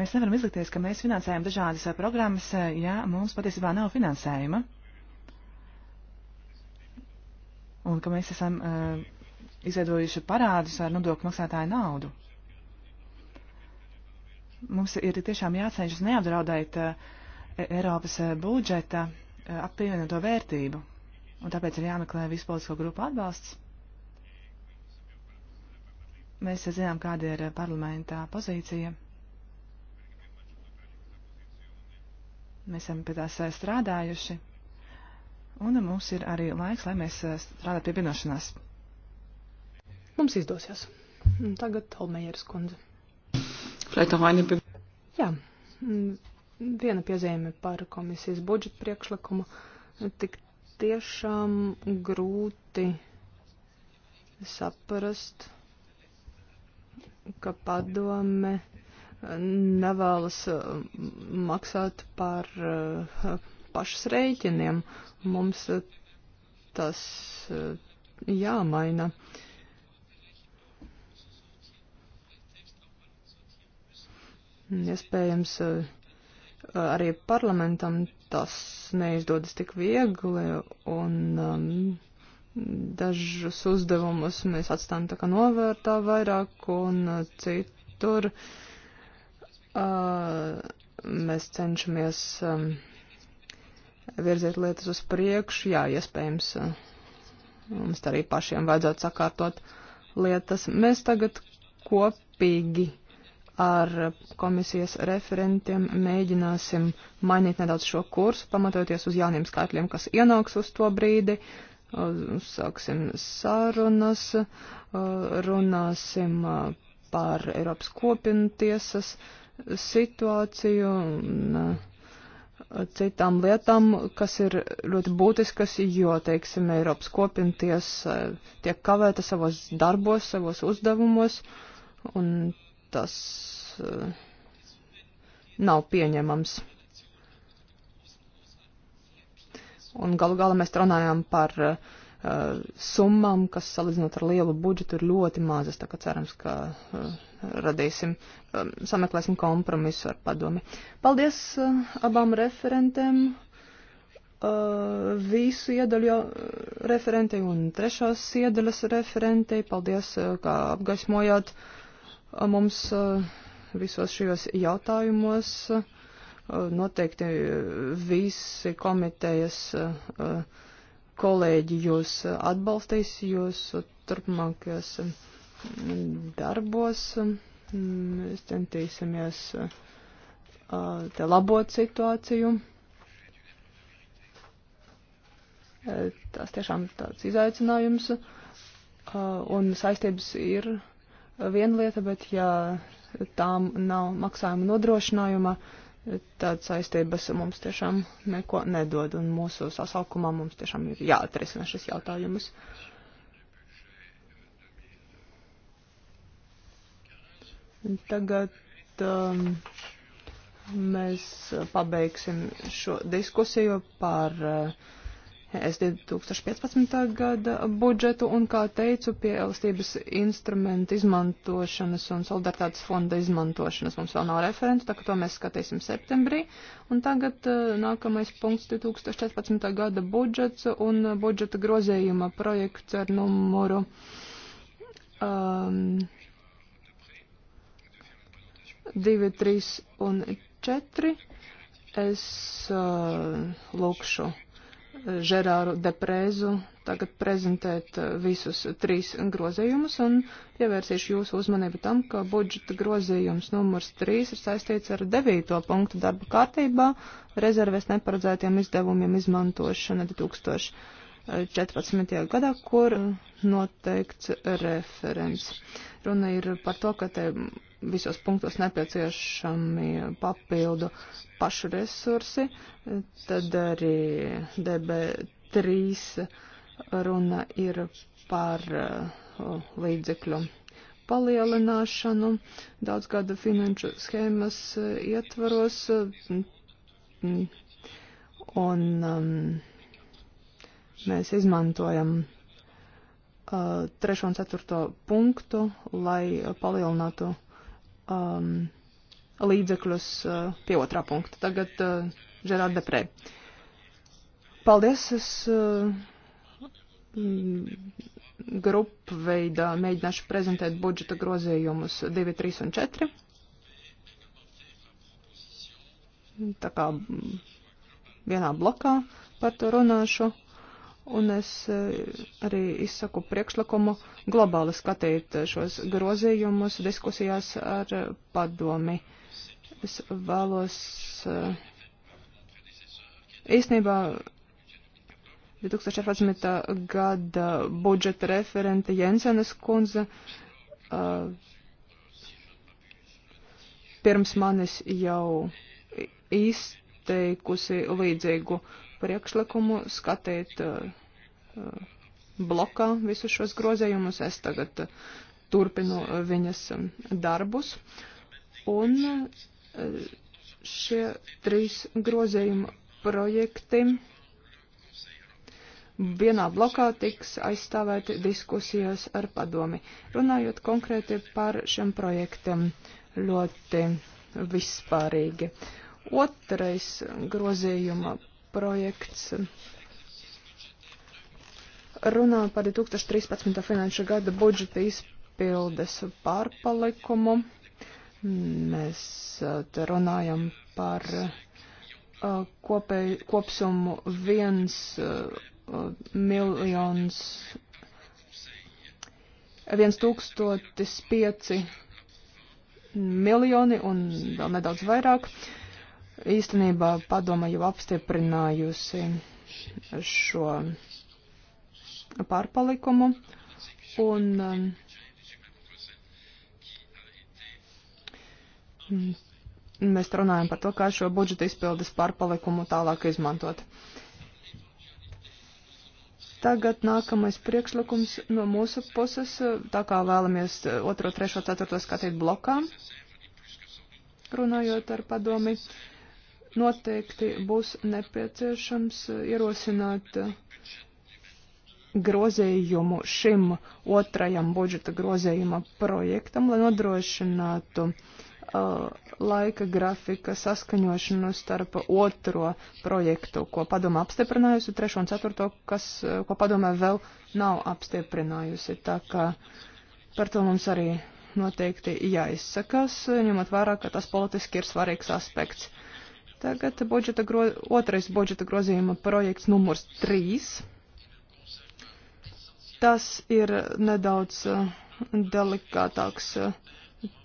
Mēs nevaram izlikties, ka mēs finansējam dažādas eh, programmas, eh, ja mums patiesībā nav finansējuma. Un ka mēs esam uh, izveidojuši parādus ar nodokļu maksātāju naudu. Mums ir tiešām jācenšas neapdraudēt uh, Eiropas uh, budžeta uh, apvienoto vērtību. Un tāpēc ir jāmeklē vispolitisko grupu atbalsts. Mēs zinām, kāda ir parlamentā pozīcija. Mēs esam pie tās strādājuši. Un mums ir arī laiks, lai mēs eh, strādātu pie vienošanās. Mums izdosies. Un tagad Olmejeras kundze. Jā, viena piezīme par komisijas budžeta priekšlikumu. Tik tiešām grūti saprast, ka padome nevēlas uh, maksāt par uh, pašas rēķiniem. Mums uh, tas jāmaina. Iespējams, arī parlamentam tas neizdodas tik viegli, un um, dažus uzdevumus mēs atstājam tā kā novērtā vairāk, un citur uh, Mēs cenšamies virzīt lietas uz priekšu. Jā, iespējams, mums arī pašiem vajadzētu sakārtot lietas. Mēs tagad kopīgi ar komisijas referentiem mēģināsim mainīt nedaudz šo kursu, pamatojoties uz jauniem skaitļiem, kas ienāks uz to brīdi. Sāksim sarunas, runāsim par Eiropas kopienu tiesas situāciju un uh, citām lietām, kas ir ļoti būtiskas, jo, teiksim, Eiropas kopienties uh, tiek kavēta savos darbos, savos uzdevumos, un tas uh, nav pieņemams. Un galu galā mēs runājam par uh, Uh, summām, kas salīdzinot ar lielu budžetu ir ļoti mazas, tā ka cerams, ka uh, radīsim, um, sameklēsim kompromisu ar padomi. Paldies uh, abām referentēm, visu iedaļu referentei un trešās iedaļas referentei. Paldies, kā apgaismojāt mums visos šajos jautājumos. Noteikti visi komitejas uh, kolēģi jūs atbalstīs jūs turpmākajos mm, darbos. Mm, mēs centīsimies te labot situāciju. Tas tiešām tāds izaicinājums, un saistības ir viena lieta, bet ja tām nav maksājuma nodrošinājuma, uh, Tādas saistības mums tiešām neko nedod, un mūsu sasaukumā mums tiešām ir jāatrisina šis jautājumus. Tagad um, mēs pabeigsim šo diskusiju par uh, es 2015. gada budžetu un, kā teicu, pie elastības instrumenta izmantošanas un solidaritātes fonda izmantošanas mums vēl nav referents, tā ka to mēs skatīsim septembrī. Un tagad eh, nākamais punkts 2014. gada budžets un budžeta grozējuma projekts ar numuru. Um, 2, 3 un 4 es uh, lūkšu Žerāru Deprēzu tagad prezentēt uh, visus trīs grozījumus un pievērsīšu jūsu uzmanību tam, ka budžeta grozījums numurs trīs ir saistīts ar devīto punktu darba kārtībā rezerves neparedzētiem izdevumiem izmantošana 2000. 14. gadā, kur noteikts referents. Runa ir par to, ka te visos punktos nepieciešami papildu pašu resursi, tad arī DB3 runa ir par līdzekļu palielināšanu daudzgada finanšu schēmas ietvaros. Un, um, Mēs izmantojam uh, trešo un ceturto punktu, lai palielinātu um, līdzekļus uh, pie otrā punkta. Tagad uh, Žerārda Deprē. Paldies, es uh, grupu veidā mēģināšu prezentēt budžeta grozījumus 2, 3 un 4. Tā kā mm, vienā blokā par to runāšu. Uh, un es eh, arī izsaku priekšlikumu globāli skatīt šos grozījumus diskusijās ar padomi. Es vēlos eh, īstenībā 2014. gada budžeta referente Jensenes kundze eh, pirms manis jau izteikusi līdzīgu priekšlikumu skatīt eh, eh, blokā visus šos grozējumus. Es tagad eh, turpinu viņas darbus. Un šie trīs grozējuma projekti vienā blokā tiks aizstāvēti diskusijas ar padomi. Runājot konkrēti par šiem projektiem ļoti vispārīgi. Otrais grozījuma projekts runā par 2013. finanšu gada budžeta izpildes pārpalikumu. Mēs eh, te runājam par eh, kopēj, kopsumu 1 eh, miljons 1005 miljoni un vēl nedaudz vairāk. Uh, Īstenībā padoma jau apstiprinājusi šo pārpalikumu un um, mēs runājam par to, kā šo budžeta izpildes pārpalikumu tālāk izmantot. Tagad nākamais priekšlikums no mūsu puses, tā kā vēlamies 2, 3, 4 skatīt blokā, runājot ar padomi. Uh, noteikti būs nepieciešams ierosināt grozījumu šim otrajam budžeta grozījuma projektam, lai nodrošinātu uh, laika grafika saskaņošanu starp otro projektu, ko padoma apstiprinājusi, trešo un ceturto, kas, uh, ko padoma vēl nav apstiprinājusi. Tā kā par to mums arī noteikti jāizsakās, ņemot vērā, ka tas politiski ir svarīgs aspekts. Uh, Tagad budžeta gro... otrais budžeta grozījuma projekts numurs 3. Tas ir nedaudz eh, delikātāks eh,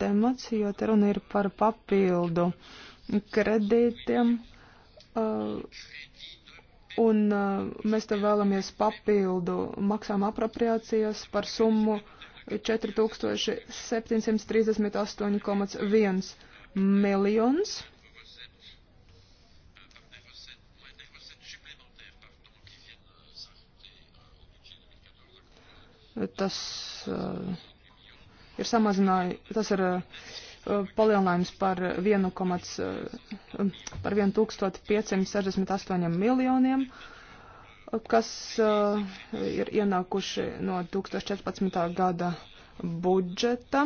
temats, jo te runa ir par papildu kredītiem. Eh, un mēs te vēlamies papildu maksām apropriācijas par summu 4738,1 miljons. Tas uh, ir samazinājums, tas ir uh, palielinājums par 1,568 eh, miljoniem, kas uh, ir ienākuši no 2014. gada budžeta.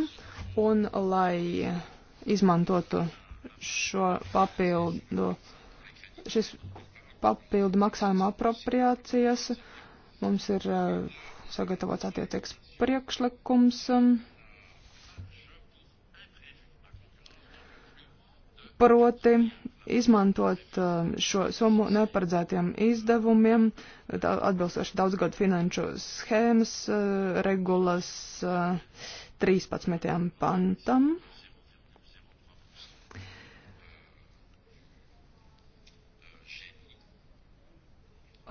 Un, lai izmantotu šo papildu, šis papildu maksājuma apropriācijas, mums ir uh, sagatavots attiecīgs priekšlikums. Um, proti izmantot um, šo summu neparedzētiem izdevumiem, atbilstoši daudzgadu finanšu schēmas uh, regulas 13. Uh, pantam.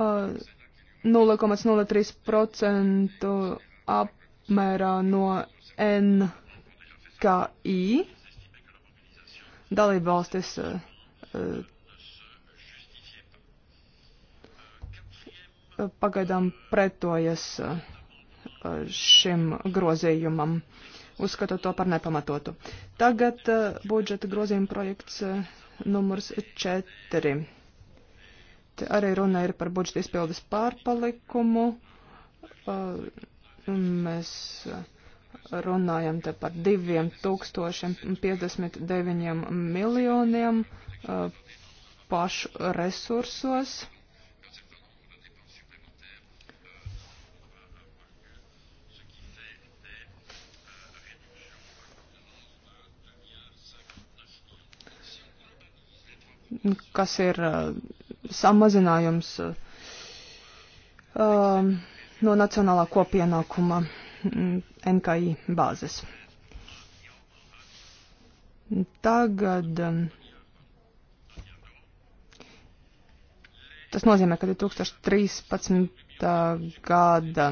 Uh, 0,03% apmērā no NKI. Dalībvalstis eh, pagaidām pretojas eh, šim grozījumam. Uzskatu to par nepamatotu. Tagad eh, budžeta grozījuma projekts numurs 4. Te arī runa ir par budžeta izpildes pārpalikumu. Uh, mēs runājam te par 2059 miljoniem uh, pašu resursos. kas ir eh, samazinājums eh, no nacionālā kopienākuma mm, NKI bāzes. Tagad eh, tas nozīmē, ka 2013. gada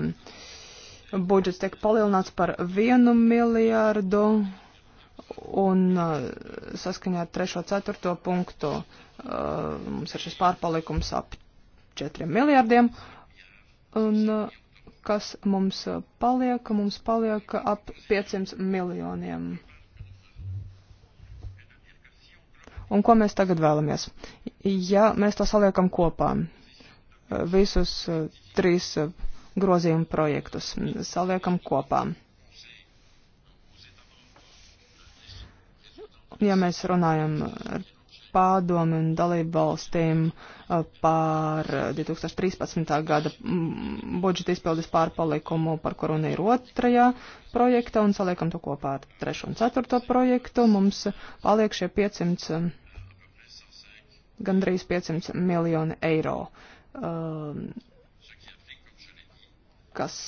budžets tiek palielināts par vienu miljārdu Un uh, saskaņā ar 3.4. punktu uh, mums ir šis pārpalikums ap 4 miljārdiem. Un uh, kas mums paliek? Mums paliek ap 500 miljoniem. Un ko mēs tagad vēlamies? Ja mēs to saliekam kopā, visus trīs grozījumu projektus saliekam kopā. ja mēs runājam ar pārdomu un dalību valstīm par 2013. gada budžeta izpildes pārpalikumu, par kuru un ir otrajā projekta, un saliekam to kopā ar trešo un ceturto projektu, mums paliek šie 500, gandrīz 500 miljoni eiro, kas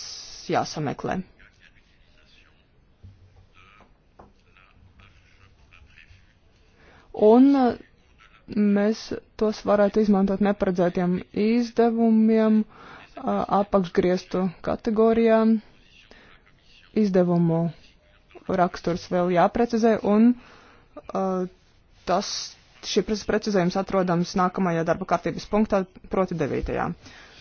jāsameklē. un uh, mēs tos varētu izmantot neparedzētiem izdevumiem, uh, apakšgrieztu kategorijām. Izdevumu raksturs vēl jāprecizē, un uh, tas, šī precizējums atrodams nākamajā darba kārtības punktā, proti devītajā.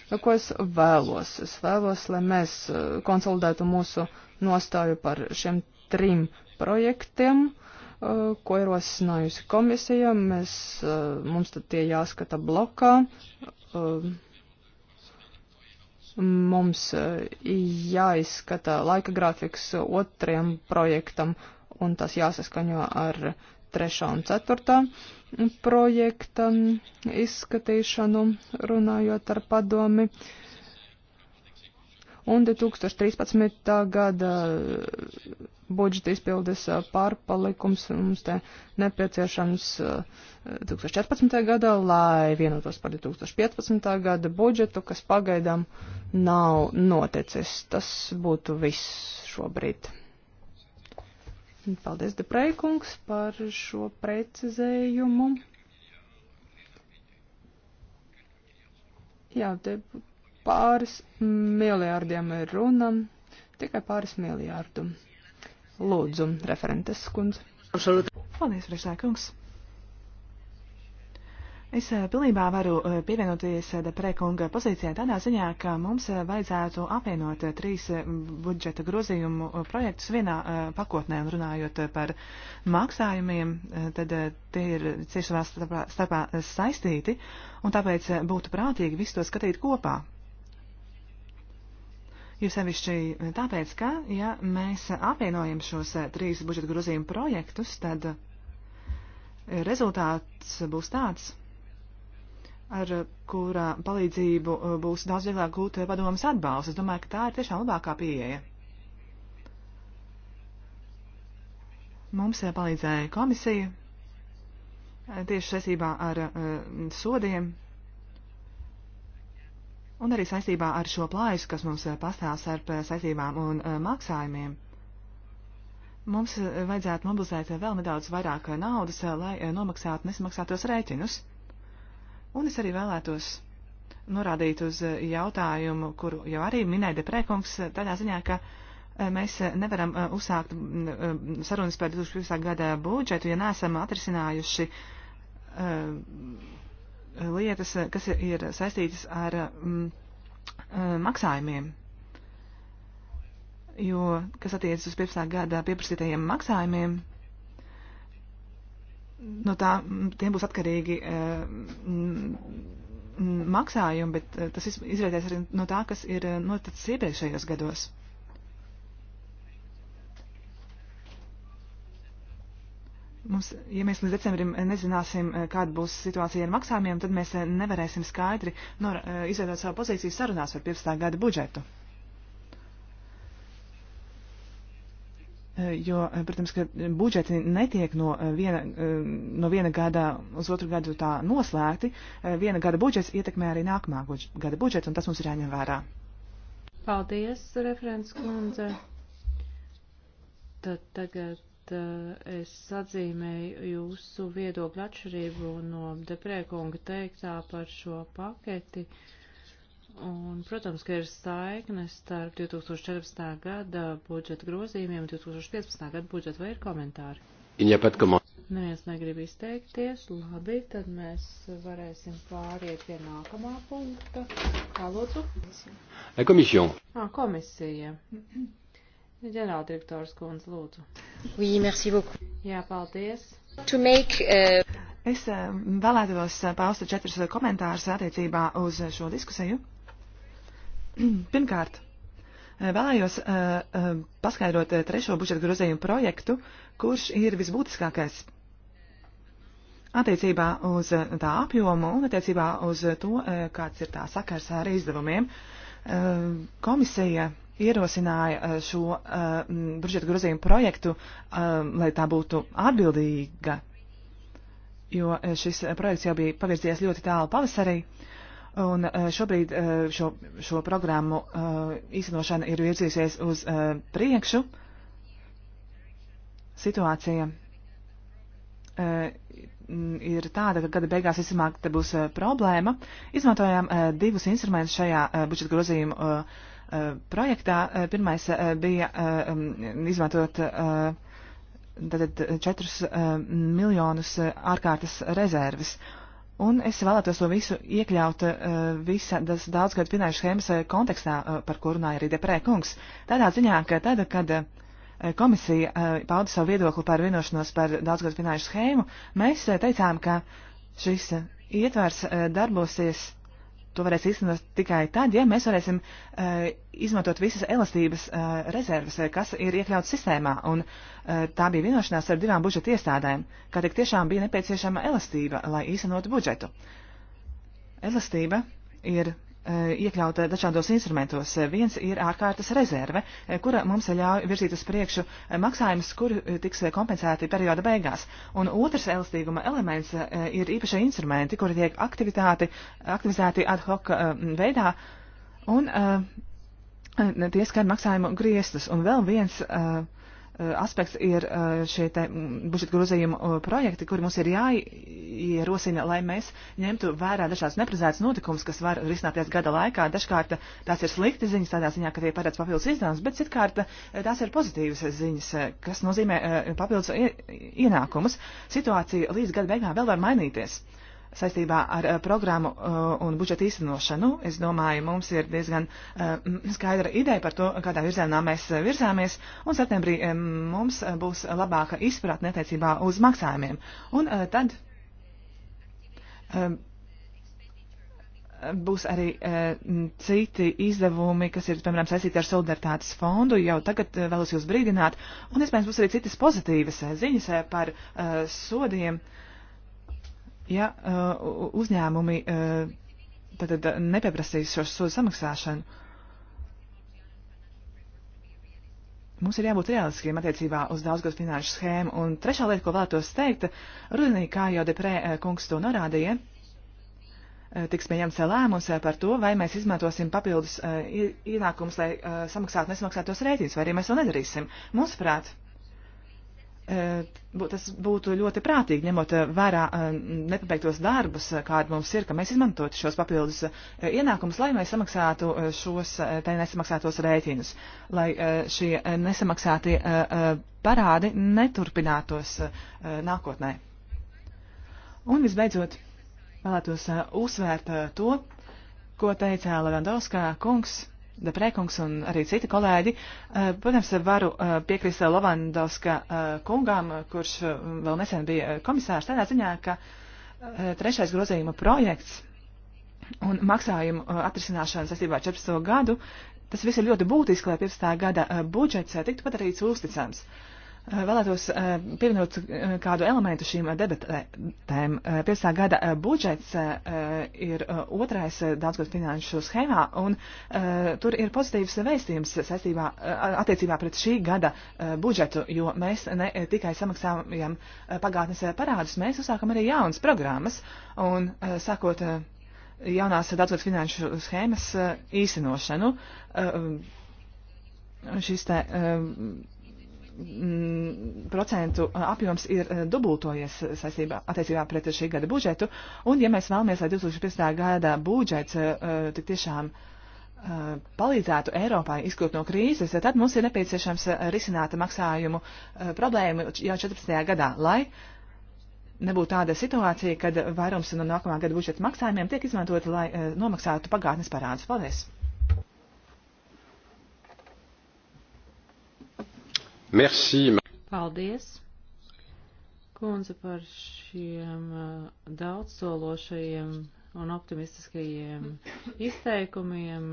Nu, ko es vēlos? Es vēlos, lai mēs uh, konsolidētu mūsu nostāju par šiem trim projektiem. Uh, Eh, ko ierosinājusi komisija. Mēs, eh, mums tad tie jāskata blokā. Eh, mums jāizskata laika grafiks otriem projektam, un tas jāsaskaņo ar trešā un ceturtā projekta izskatīšanu, runājot ar padomi. Uh, un 2013. gada budžeta izpildes pārpalikums mums te nepieciešams 2014. gadā, lai vienotos par 2015. gada budžetu, kas pagaidām nav noticis. Tas būtu viss šobrīd. Paldies, Deprēkungs, par šo precizējumu. Jā, te būtu pāris miljārdiem ir runa, tikai pāris miljārdu. Lūdzu, referentes skundze. Paldies, priekšsēkungs. Es eh, pilnībā varu eh, pievienoties eh, Deprekunga pozīcijai tādā ziņā, ka mums vajadzētu apvienot trīs budžeta grozījumu projektus vienā pakotnē un runājot par maksājumiem, tad tie ir ciešavā starpā, starpā saistīti un tāpēc būtu prātīgi visu to skatīt kopā. Jo sevišķi tāpēc, ka, ja mēs apvienojam šos eh, trīs budžeta grozījumu projektus, tad eh, rezultāts būs tāds, ar kurā palīdzību eh, būs daudz vieglāk gūt padomas atbalstu. Es domāju, ka tā ir tiešām labākā pieeja. Mums palīdzēja komisija tieši saistībā ar sodiem Un arī saistībā ar šo plājus, kas mums eh, pastāv starp eh, saistībām un eh, maksājumiem. Mums vajadzētu mobilizēt vēl nedaudz vairāk naudas, lai nomaksātu nesmaksātos rēķinus. Un es arī vēlētos norādīt uz jautājumu, kuru jau arī minēja Deprēkungs, tādā ziņā, ka mēs nevaram uzsākt sarunas par 2020. gada budžetu, ja neesam atrisinājuši lietas, kas ir, ir saistītas ar mm, eh, maksājumiem. Jo, kas attiecas uz 15. gada pieprasītajiem maksājumiem, no tā, mm, tiem būs atkarīgi eh, mm, maksājumi, bet eh, tas izrietēs arī no tā, kas ir noticis iepriekšējos gados. Mums, ja mēs līdz decembrim nezināsim, eh, kāda būs situācija ar maksājumiem, tad mēs eh, nevarēsim skaidri nor, eh, izveidot savu pozīciju sarunās par 15. gada budžetu. Jo, protams, ka budžeti netiek no viena, no viena gada uz otru gadu tā noslēgti. Viena gada budžets ietekmē arī nākamā gada budžetu, un tas mums ir jāņem vērā. Paldies, referents kundze. Tad tagad bet uh, es atzīmēju jūsu viedokļu atšķirību no deprēkunga teiktā par šo paketi. Un, protams, ka ir saiknes starp 2014. gada budžeta grozījumiem un 2015. gada budžetu. Vai ir komentāri? Neviens negrib izteikties. Labi, tad mēs varēsim pāriet pie nākamā punkta. Kā lūdzu? Komisija. Ah, komisija. Mm -mm. Ģenerāldirektors Kunz, lūdzu. Oui, merci beaucoup. Jā, paldies. To make, uh... Es uh, vēlētos uh, paustu četrus komentārus attiecībā uz uh, šo diskusiju. Pirmkārt, vēlējos paskaidrot trešo budžeta grozījumu projektu, kurš ir visbūtiskākais attiecībā uz tā apjomu un attiecībā uz to, kāds ir tā sakars ar izdevumiem. Komisija ierosināja eh, šo uh, budžeta grozījumu projektu, uh, lai tā būtu atbildīga, jo šis projekts jau bija pavirzies ļoti tālu pavasarī. Un uh, šobrīd uh, šo, šo programmu uh, īstenošana ir virzīsies uz uh, priekšu. Situācija uh, ir tāda, ka gada beigās visticamāk te būs uh, problēma. Izmantojām uh, divus instrumentus šajā uh, budžeta grozījumu. Uh, Eh, projektā. Eh, pirmais eh, bija um, izmantot tātad 4 miljonus ārkārtas rezerves. Un es vēlētos to visu iekļaut visa tas daudzgadu finanšu schēmas kontekstā, par ko runāja arī Deprē kungs. Tādā ziņā, ka tad, kad komisija pauda savu viedokli par vienošanos par daudzgadu finanšu schēmu, mēs teicām, ka šis ietvers darbosies to varēs izsnot tikai tad, ja mēs varēsim uh, izmantot visas elastības uh, rezerves, eh, kas ir iekļauts sistēmā. Un uh, tā bija vienošanās ar divām budžeta iestādēm, ka tik tiešām bija nepieciešama elastība, lai īstenotu budžetu. Elastība ir E, iekļaut e, dažādos instrumentos. E, viens ir ārkārtas rezerve, kura mums ļauj virzīt uz priekšu maksājumus, kuri tiks kompensēti perioda beigās. Un otrs elastīguma elements ir īpašie instrumenti, kuri tiek aktivizēti ad hoc veidā. Un tie skar maksājumu griestus. Un vēl viens uh, aspekts ir eh, šie mm, budžeta grozījuma eh, projekti, kuri mums ir jāierosina, lai mēs ņemtu vērā dažādas neprezētas notikumus, kas var risināties gada laikā. Dažkārt eh, tās ir slikti ziņas, tādā ziņā, ka tie paredz papildus izdevumus, bet citkārt tās ir pozitīvas ziņas, kas nozīmē papildus ienākumus. Situācija līdz gada beigām vēl var mainīties. Uh, saistībā ar eh, programmu eh, un budžeta īstenošanu. Es domāju, mums ir diezgan eh, skaidra ideja par to, kādā virzienā mēs virzāmies, un septembrī mums būs labāka izpratne attiecībā uz maksājumiem. Un tad būs arī citi izdevumi, kas ir, piemēram, saistīti ar solidaritātes fondu. Jau tagad vēlos jūs brīdināt, un iespējams būs arī citas pozitīvas ziņas par sodiem. Uh, ja uh, uzņēmumi uh, tad nepieprasīs šo sodu samaksāšanu. Mums ir jābūt realistiskiem attiecībā uz daudzgad finanšu schēmu. Un trešā lieta, ko vēlētos teikt, rudenī, kā jau deprē uh, kungs to norādīja, tiks pieņemts lēmums par to, vai mēs izmantosim papildus ienākumus, lai samaksātu nesamaksātos rēķinus, vai arī mēs to nedarīsim. Mūsuprāt, Eh, tas būtu ļoti prātīgi, ņemot eh, vērā eh, nepabeigtos darbus, kādi mums ir, ka mēs izmantotu šos papildus ienākumus, lai mēs samaksātu šos te nesamaksātos rēķinus, lai šie nesamaksātie parādi neturpinātos nākotnē. Un visbeidzot, vēlētos uzsvērt to, ko teica Levandovskā kungs Deprēkungs un arī citi kolēģi. Eh, protams, varu eh, piekrist Lavandovska eh, kungām, kurš vēl nesen bija komisārs, tādā ziņā, ka trešais grozījuma projekts un maksājumu atrisināšana saistībā ar 14. gadu, tas viss ir ļoti būtiski, lai 15. gada budžets tiktu padarīts uzticams. Uh, Eh, vēlētos eh, pievienot eh, kādu elementu šīm debatēm. 15. gada budžets ir otrais daudzgad finanšu schēmā, un tur ir pozitīvs vēstījums saistībā attiecībā pret šī gada budžetu, jo mēs ne tikai samaksājam pagātnes parādus, mēs uzsākam arī jaunas programmas, un sākot jaunās daudzgad finanšu schēmas īstenošanu, šis te Mm, procentu apjoms ir e, dubultojies saistībā attiecībā pret šī gada budžetu, un ja mēs vēlamies, lai 2015. gada budžets e, e, tik tiešām palīdzētu Eiropai izkļūt no krīzes, tad mums ir nepieciešams risināt maksājumu problēmu jau 14. gadā, lai nebūtu tāda situācija, kad vairums no nākamā gada budžeta maksājumiem tiek izmantota, lai nomaksātu pagātnes parādus. Paldies! Merci. Paldies, kundze, par šiem uh, daudzsološajiem un optimistiskajiem izteikumiem.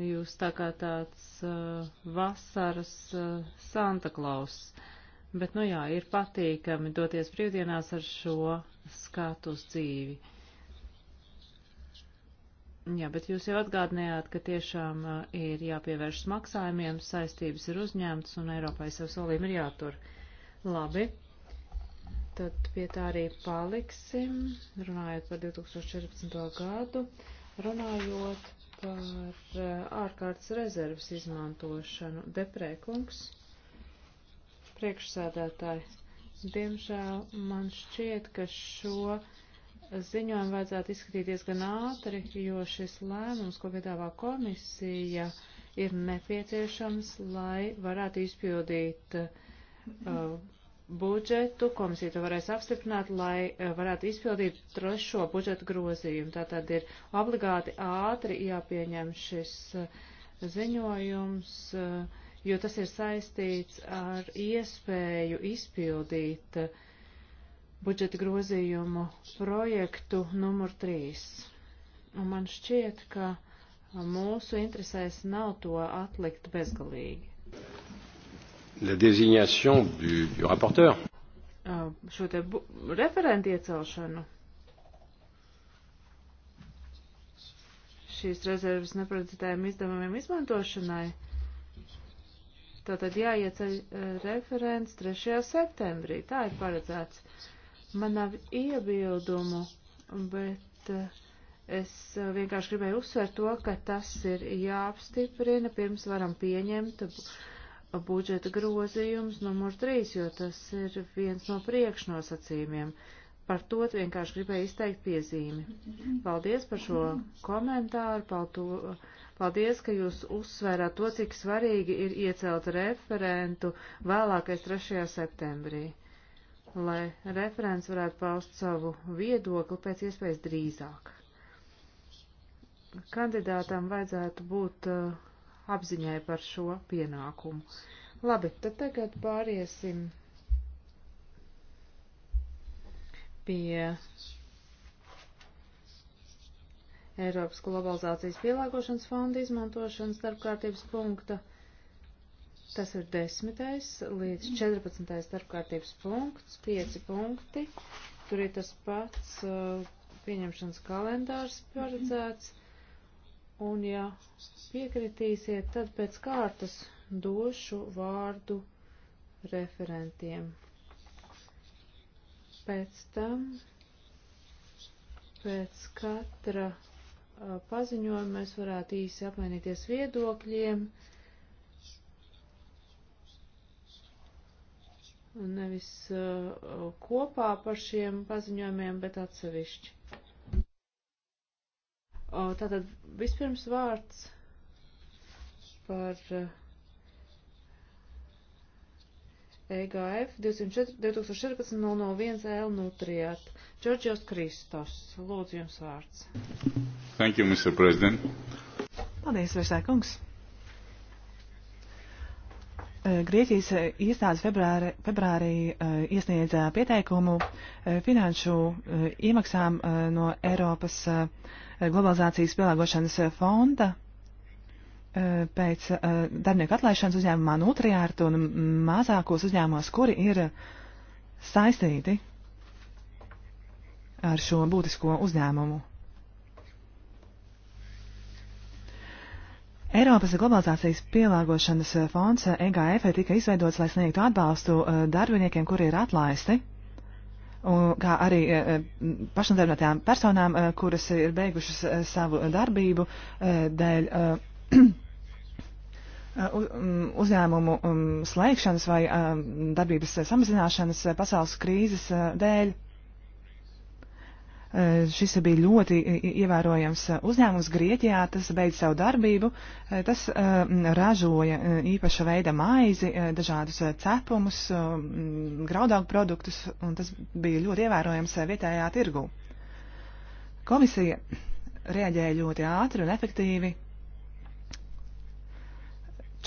Jūs tā kā tāds uh, vasaras uh, Santa Klaus. Bet, nu jā, ir patīkami doties brīvdienās ar šo skatu uz dzīvi. Jā, bet jūs jau atgādinājāt, ka tiešām uh, ir jāpievēršas maksājumiem, saistības ir uzņemtas un Eiropai savu solījumu ir jātur. Labi, tad pie tā arī paliksim, runājot par 2014. gadu, runājot par uh, ārkārtas rezervas izmantošanu. Deprēkungs, priekšsēdētāji, diemžēl man šķiet, ka šo ziņojumu vajadzētu izskatīties gan ātri, jo šis lēmums, ko piedāvā komisija, ir nepieciešams, lai varētu izpildīt uh, budžetu. Komisija to varēs apstiprināt, lai uh, varētu izpildīt trešo budžetu grozījumu. Tātad ir obligāti ātri jāpieņem šis uh, ziņojums, uh, jo tas ir saistīts ar iespēju izpildīt uh, budžeta grozījumu projektu numur 3. Un man šķiet, ka mūsu interesēs nav to atlikt bezgalīgi. La désignation du, du rapporteur. Šo te referentu iecelšanu. Šīs rezerves neparedzētajiem izdevumiem izmantošanai. Tātad jāieceļ referents 3. septembrī. Tā ir paredzēts. Man nav iebildumu, bet eh, es eh, vienkārši gribēju uzsvērt to, ka tas ir jāapstiprina, pirms varam pieņemt budžeta grozījums numur 3, jo tas ir viens no priekšnosacījumiem. Par to vienkārši gribēju izteikt piezīmi. Paldies par šo komentāru, paldies, paldies ka jūs uzsvērāt to, cik svarīgi ir iecelt referentu vēlākais 3. septembrī lai referents varētu paust savu viedokli pēc iespējas drīzāk. Kandidātam vajadzētu būt uh, apziņai par šo pienākumu. Labi, tad tagad pāriesim pie Eiropas globalizācijas pielāgošanas fonda izmantošanas starpkārtības punkta. Tas ir desmitais līdz 14. darbkārtības punkts, 5 punkti. Tur ir tas pats uh, pieņemšanas kalendārs paredzēts. Un, ja piekritīsiet, tad pēc kārtas došu vārdu referentiem. Pēc tam, pēc katra uh, paziņojuma mēs varētu īsi apmainīties viedokļiem. Uh, nevis uh, kopā par šiem paziņojumiem, bet atsevišķi. Uh, tātad vispirms vārds par uh, EGF 2014-001 L nutriāt. Džordžos Kristos, lūdzu jums vārds. Thank you, Mr. President. Paldies, Vērsēkungs. kungs. Eh, Grieķijas eh, iestādes februāri, februārī eh, iesniedza pieteikumu finanšu iemaksām no Eiropas globalizācijas pielāgošanas fonda pēc darbinieku atlaišanas uzņēmumā Nutriārtu un mazākos uzņēmumos, kuri ir saistīti ar šo būtisko uzņēmumu. Eiropas globalizācijas pielāgošanas eh, fonds EGF eh, e tika izveidots, lai sniegtu atbalstu eh, darbiniekiem, kuri ir atlaisti, kā arī pašnodarbinātajām personām, kuras ir beigušas savu darbību dēļ mm, uzņēmumu mm, slēgšanas vai darbības samazināšanas pasaules krīzes dēļ. Eh, šis bija ļoti ievērojams eh, uzņēmums Grieķijā, tas beidz savu darbību, eh, tas ražoja īpaša veida maizi, dažādus cepumus, graudaugu produktus, un tas bija ļoti ievērojams vietējā tirgu. Komisija reaģēja ļoti ātri un efektīvi.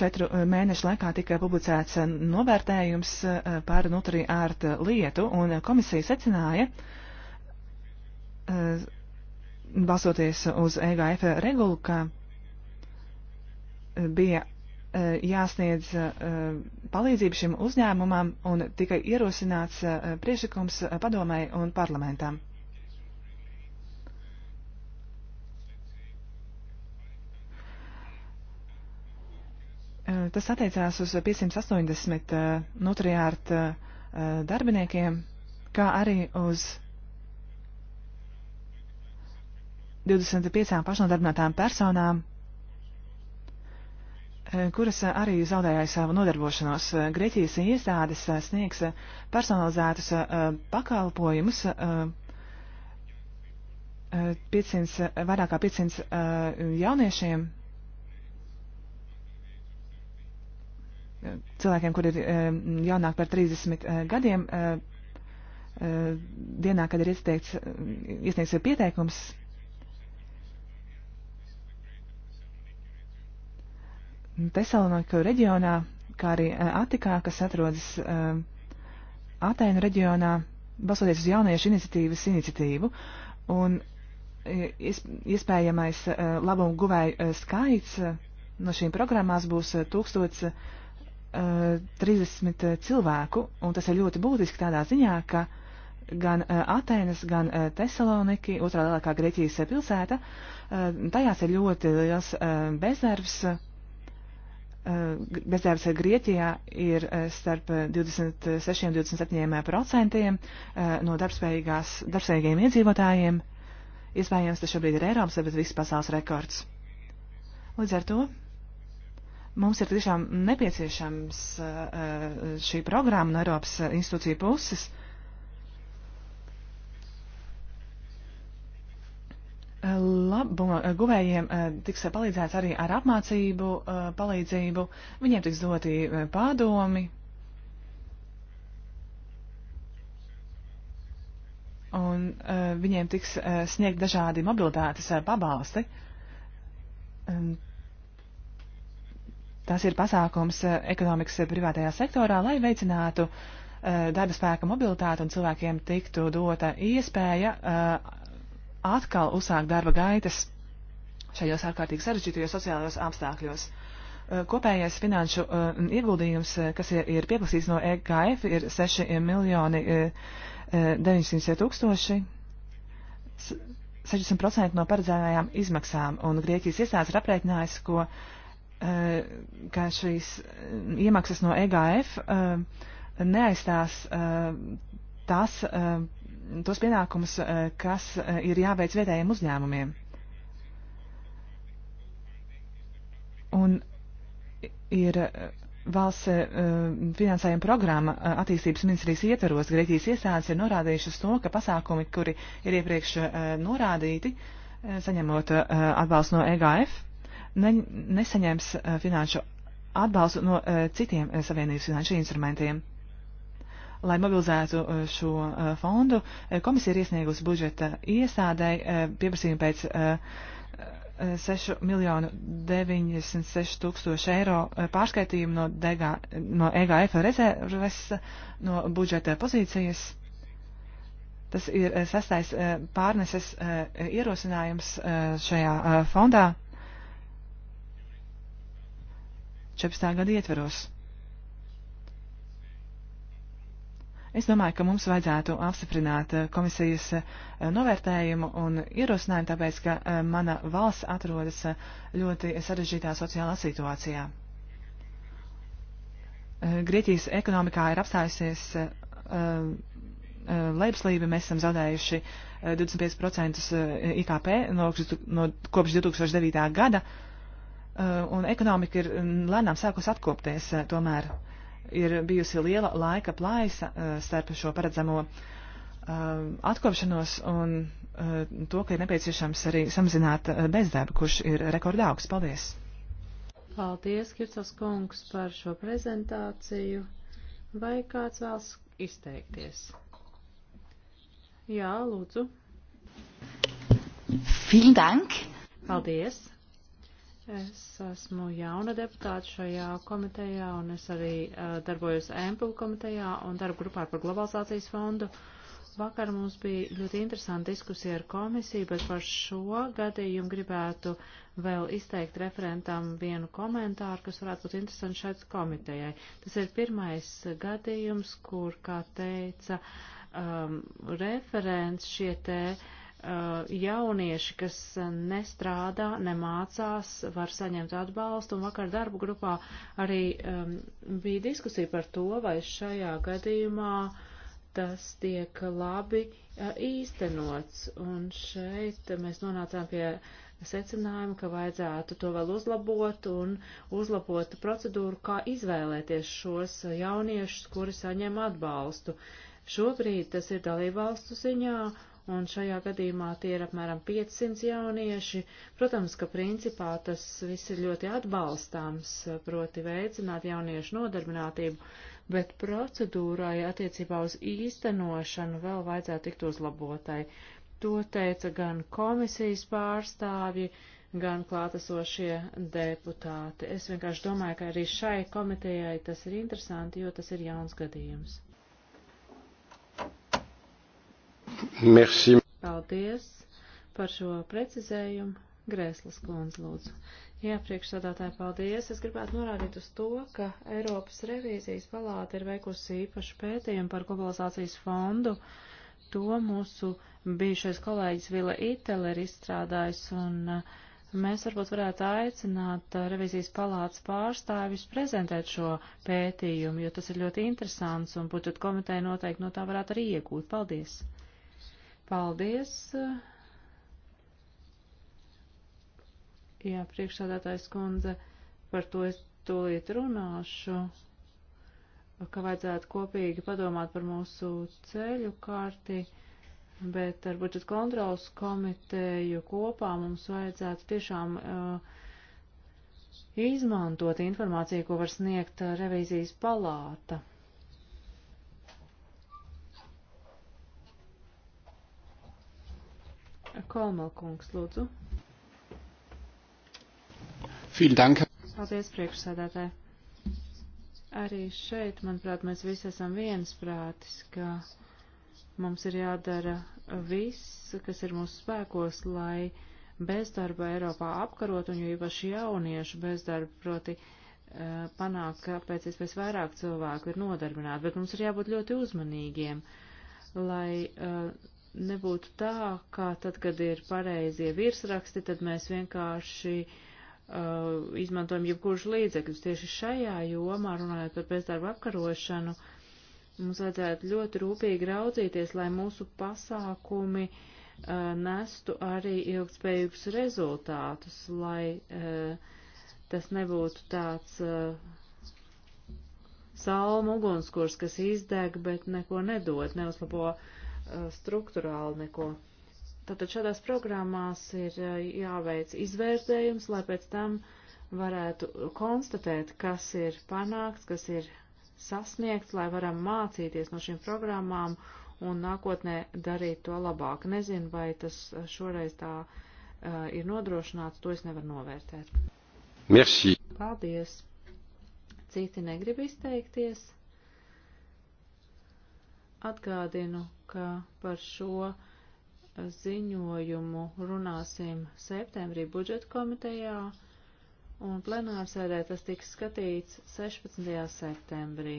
Četru mēnešu laikā tika publicēts novērtējums par Nutriārta lietu, un komisija secināja, ka Eh, balsoties uz EGF regulu, ka eh, bija eh, jāsniedz palīdzību šim uzņēmumam un tikai ierosināts priešakums padomai un parlamentam. Tas attiecās uz 580 nutriārta darbiniekiem, kā arī uz 25 pašnodarbinātām personām, e, kuras arī zaudēja savu nodarbošanos. Grieķijas iestādes e, sniegs e, personalizētus pakalpojumus 500, vairāk kā 500 jauniešiem, cilvēkiem, kur ir jaunāk par 30 gadiem, dienā, kad ir iesniegts pieteikums Tesaloniku reģionā, kā arī eh, Atikā, kas atrodas eh, Atēnu reģionā, balsoties uz jauniešu iniciatīvas iniciatīvu. Un eh, iespējamais labumu guvēju skaits no šīm programmās būs 1030 cilvēku, un tas ir ļoti būtiski tādā ziņā, ka gan Atēnas, gan Tesaloniki, otrā lielākā Grieķijas pilsēta, tajās ir ļoti liels bezdarbs, bezdarbs Grieķijā ir e, starp 26 un 27 procentiem e, no darbspējīgiem iedzīvotājiem. Iespējams, tas šobrīd ir Eiropas, bet viss pasaules rekords. Līdz ar to mums ir tiešām nepieciešams e, šī programma no Eiropas institūcija puses. Uh, labuma eh, guvējiem eh, tiks palīdzēts arī ar apmācību eh, palīdzību, viņiem tiks doti pārdomi. Un uh, viņiem tiks uh, sniegt dažādi mobilitātes uh, pabalsti. Um, tas ir pasākums uh, ekonomikas privātajā sektorā, lai veicinātu uh, darba spēka mobilitāti un cilvēkiem tiktu dota iespēja uh, atkal uzsākt darba gaitas šajos ārkārtīgi sarežģītajos sociālajos apstākļos. Eh, kopējais finanšu eh, ieguldījums, eh, kas ir, ir pieprasīts no EKF, ir 6 miljoni 900 tūkstoši. 60% no paredzētajām izmaksām, un Grieķijas iestādes ir aprēķinājis, ko, ka šīs iemaksas no EGF neaizstās tās tos pienākumus, eh, kas eh, ir jāveic vietējiem uzņēmumiem. Un ir eh, valsts finansējuma programma attīstības ministrijas ietvaros. Grieķijas iestādes ir norādījušas to, ka pasākumi, kuri ir iepriekš norādīti, saņemot atbalstu no EGF, ne, nesaņems finanšu atbalstu no citiem savienības finanšu instrumentiem. Lai mobilizētu uh, šo uh, fondu, uh, komisija ir iesniegusi budžeta iestādai pieprasījumu pēc 6 miljonu 96 tūkstoši eiro pārskaitījumu no, DG, no EGF rezerves no budžeta pozīcijas. Tas ir sastais pārneses ierosinājums šajā fondā 14. gada ietveros. Es domāju, ka mums vajadzētu apstiprināt eh, komisijas eh, novērtējumu un ierosinājumu, tāpēc, ka eh, mana valsts atrodas ļoti sarežģītā sociālā situācijā. Grieķijas ekonomikā ir apstājusies uh, uh, lejupslīde. Mēs esam zaudējuši 25% IKP no, no, kopš 2009. gada, uh, un ekonomika ir mm, lēnām sākus atkopties tomēr ir bijusi liela laika plaisa eh, starp šo paredzamo eh, atkopšanos un eh, to, ka ir nepieciešams arī samazināt bezdarbu, kurš ir rekordaugs. Paldies! Paldies, Kircos kungs, par šo prezentāciju. Vai kāds vēlas izteikties? Jā, lūdzu. Vielen Dank! Paldies! Es esmu jauna deputāta šajā komitejā un es arī uh, darbojos EMPL komitejā un darbu grupā par globalizācijas fondu. Vakar mums bija ļoti interesanta diskusija ar komisiju, bet par šo gadījumu gribētu vēl izteikt referentam vienu komentāru, kas varētu būt interesants šeit komitejai. Tas ir pirmais gadījums, kur, kā teica um, referents, šie te uh, Uh, jaunieši, kas nestrādā, nemācās, var saņemt atbalstu, un vakar darba grupā arī um, bija diskusija par to, vai šajā gadījumā tas tiek labi uh, īstenots, un šeit mēs nonācām pie secinājumu, ka vajadzētu to vēl uzlabot un uzlabot procedūru, kā izvēlēties šos jauniešus, kuri saņem atbalstu. Šobrīd tas ir dalībvalstu ziņā, un šajā gadījumā tie ir apmēram 500 jaunieši. Protams, ka principā tas viss ir ļoti atbalstāms, proti veicināt jauniešu nodarbinātību, bet procedūrai attiecībā uz īstenošanu vēl vajadzētu tikt uzlabotai. To teica gan komisijas pārstāvji, gan klātesošie deputāti. Es vienkārši domāju, ka arī šai komitejai tas ir interesanti, jo tas ir jauns gadījums. Merci. Paldies par šo precizējumu. Grēslas kundze, lūdzu. Jā, priekšsādātāji, paldies. Es gribētu norādīt uz to, ka Eiropas revīzijas palāta ir veikusi īpašu pētījumu par globalizācijas fondu. To mūsu bijušais kolēģis Vila Itele ir izstrādājis, un uh, mēs varbūt varētu aicināt uh, revīzijas palātas pārstāvis prezentēt šo pētījumu, jo tas ir ļoti interesants, un budžeta komiteja noteikti no tā varētu arī iegūt. Paldies! Paldies. Jā, priekšsādātājs kundze, par to es tūlīt runāšu, ka vajadzētu kopīgi padomāt par mūsu ceļu kārti, bet ar budžeta kontrolas komiteju kopā mums vajadzētu tiešām uh, izmantot informāciju, ko var sniegt uh, revīzijas palāta. Kolmelkungs, lūdzu. Dank. Paldies, priekšsēdētāji. Arī šeit, manuprāt, mēs visi esam viensprātis, ka mums ir jādara viss, kas ir mūsu spēkos, lai bezdarba Eiropā apkarot, un jo īpaši jauniešu bezdarbu, proti uh, panākt, ka pēc iespējas vairāk cilvēku ir nodarbināti, bet mums ir jābūt ļoti uzmanīgiem, lai uh, nebūtu tā, ka tad, kad ir pareizie virsraksti, tad mēs vienkārši uh, izmantojam jebkurus līdzekļus. Tieši šajā jomā, runājot par bezdarba apkarošanu, mums vajadzētu ļoti rūpīgi raudzīties, lai mūsu pasākumi uh, nestu arī ilgspējīgus rezultātus, lai uh, tas nebūtu tāds. Uh, Salmu ugunskurs, kas izdeg, bet neko nedod, neuzlabo uh, Uh, struktūrāli neko. Tātad šādās programmās ir uh, jāveic izvērtējums, lai pēc tam varētu konstatēt, kas ir panākts, kas ir sasniegts, lai varam mācīties no šīm programmām un nākotnē darīt to labāk. Nezinu, vai tas šoreiz tā uh, ir nodrošināts, to es nevaru novērtēt. Merci. Paldies. Citi negrib izteikties. Atgādinu, ka par šo ziņojumu runāsim septembrī budžeta komitejā, un plenārsēdē tas tiks skatīts 16. septembrī.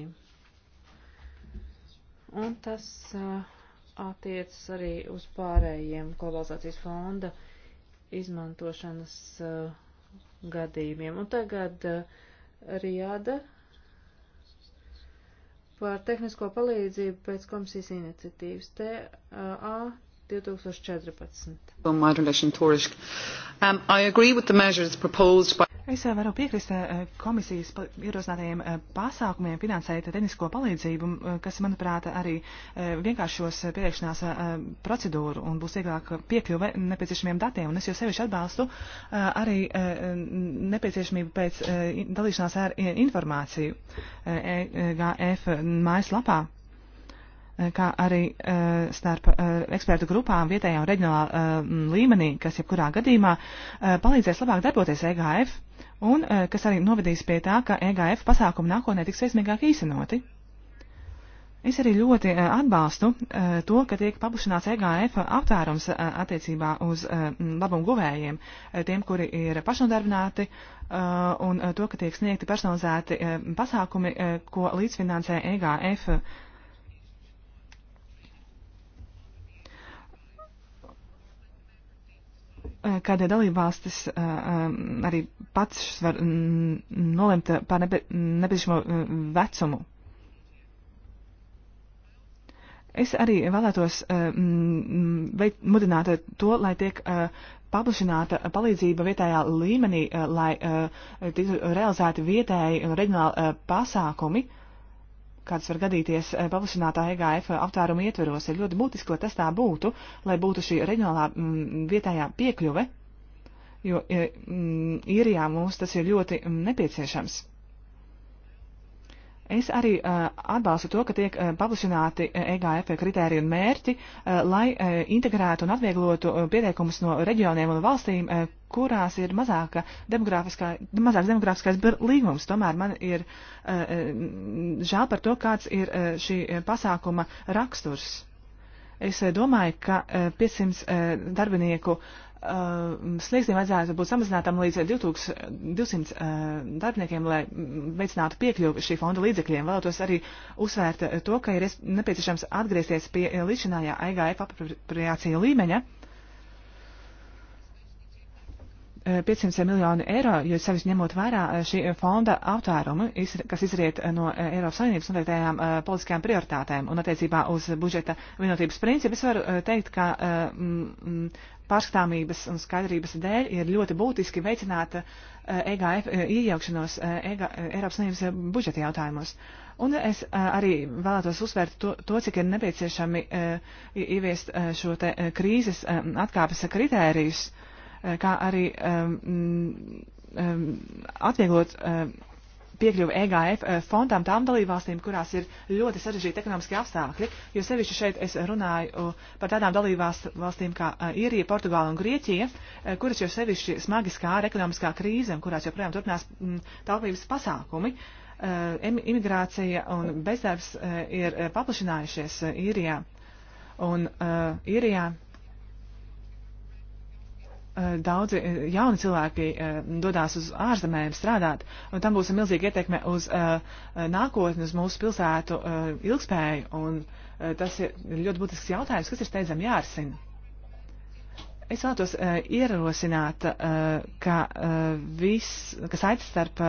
Un tas attiecas arī uz pārējiem globalizācijas fonda izmantošanas gadījumiem. Un tagad Riada par tehnisko palīdzību pēc komisijas iniciatīvas TA 2014. Um, I agree with the measures proposed by Es eh, varu piekrist eh, eh, komisijas ierosinātajiem pasākumiem finansēt tehnisko palīdzību, kas, manuprāt, arī vienkāršos pieteikšanās procedūru un būs vieglāk piekļuve nepieciešamiem datiem. Un es jau sevišķi atbalstu arī nepieciešamību pēc dalīšanās ar informāciju EGF e, mājaslapā kā arī uh, starp uh, ekspertu grupām vietējā un reģionālā uh, līmenī, kas jebkurā gadījumā uh, palīdzēs labāk darboties EGF. Uh, un eh, kas arī novedīs pie tā, ka EGF pasākumi nākotnē tiks veiksmīgāk īstenoti. Es arī ļoti eh, atbalstu eh, to, ka tiek paplašināts EGF aptvērums attiecībā uz labumu guvējiem, tiem, kuri ir pašnodarbināti, un to, ka tiek sniegti personalizēti pasākumi, ko līdzfinansē EGF Eh, kādai dalībvalstis eh, eh, arī pats var mm, nolemt par nepieciešamo vecumu. Es arī vēlētos mm, mudināt to, lai tiek paplašināta palīdzība vietējā līmenī, lai tiktu realizēti vietēji un reģionāli pasākumi. Uh, kāds var gadīties eh, paplašinātā EGF aptāruma ietveros, ir ļoti būtiski, lai tas tā būtu, lai būtu šī reģionālā m, mm, vietējā piekļuve, jo eh, m, mm, īrijā mums tas ir ļoti m, mm, nepieciešams. Es arī uh, atbalstu to, ka tiek uh, paplašināti EGF e kritēriju un mērķi, uh, lai uh, integrētu un atvieglotu uh, pieteikumus no reģioniem un valstīm, uh, kurās ir mazāka demografiskā, mazāks demografiskais līgums. Tomēr man ir uh, žēl par to, kāds ir uh, šī pasākuma raksturs. Es uh, domāju, ka 500 darbinieku sniegstiem vajadzētu būt samazinātam līdz 2200 darbiniekiem, lai veicinātu piekļuvi šī fonda līdzekļiem. Vēlētos arī uzsvērt to, ka ir nepieciešams atgriezties pie līdzinājā AIGF apropriācija līmeņa. 500 miljoni eiro, jo sevišķi ņemot vērā eh, šī fonda aptvērumu, kas izriet eh, no eh, Eiropas Savienības noteiktajām politiskajām prioritātēm un attiecībā uz budžeta vienotības principu, es varu teikt, ka mm, pārskatāmības un skaidrības dēļ ir ļoti būtiski veicināt EGF e iejaukšanos EGA, e Eiropas Savienības budžeta jautājumos. Un es arī vēlētos uzsvērt to, to cik ir nepieciešami ieviest šo te krīzes atkāpes kritērijus. Uh, Eh, kā arī um, um, atvieglot um, piekļuvi EGF eh, fondām tām dalībvalstīm, kurās ir ļoti sarežģīti ekonomiski apstākļi, jo sevišķi šeit es runāju par tādām dalībvalstīm kā Īrija, eh, Portugāla un Grieķija, kuras jau sevišķi smagi skāra ekonomiskā krīze un kurās joprojām turpinās mm, taupības pasākumi. Imigrācija un bezdarbs ir paplašinājušies Īrijā. Un uh, Īrijā Eh, daudzi eh, jauni cilvēki eh, dodās uz ārzemēm strādāt, un tam būs milzīga ietekme uz nākotni, uz mūsu pilsētu ilgspēju, un tas ir ļoti būtisks jautājums, kas ir steidzami jārisina. Es vēlētos ierosināt, ka viss, kas aicis starp,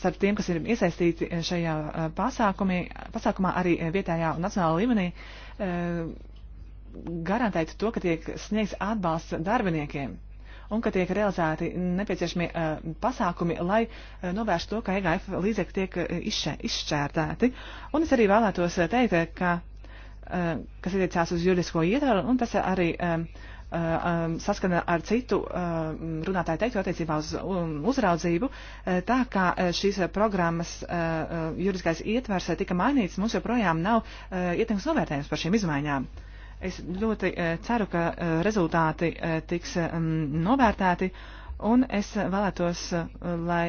starp tiem, kas ir iesaistīti šajā pasākumī, pasākumā arī vietējā un nacionālā līmenī, garantēt to, ka tiek sniegts atbalsts darbiniekiem un ka tiek realizēti nepieciešamie uh, pasākumi, lai uh, novērstu to, ka EGF līdzekļi tiek eh, izšķē, izšķērtēti. Un es arī vēlētos teikt, ka, uh, kas attiecās uz juridisko ietvaru, un tas arī um, um, saskana ar citu um, runātāju teiktu attiecībā uz um, uzraudzību, tā kā šīs programmas juridiskais ietvers tika mainīts, mums joprojām nav ietekmes novērtējums par šīm izmaiņām. Uh, Es ļoti e, ceru, ka e, rezultāti e, tiks novērtēti, un es vēlētos, lai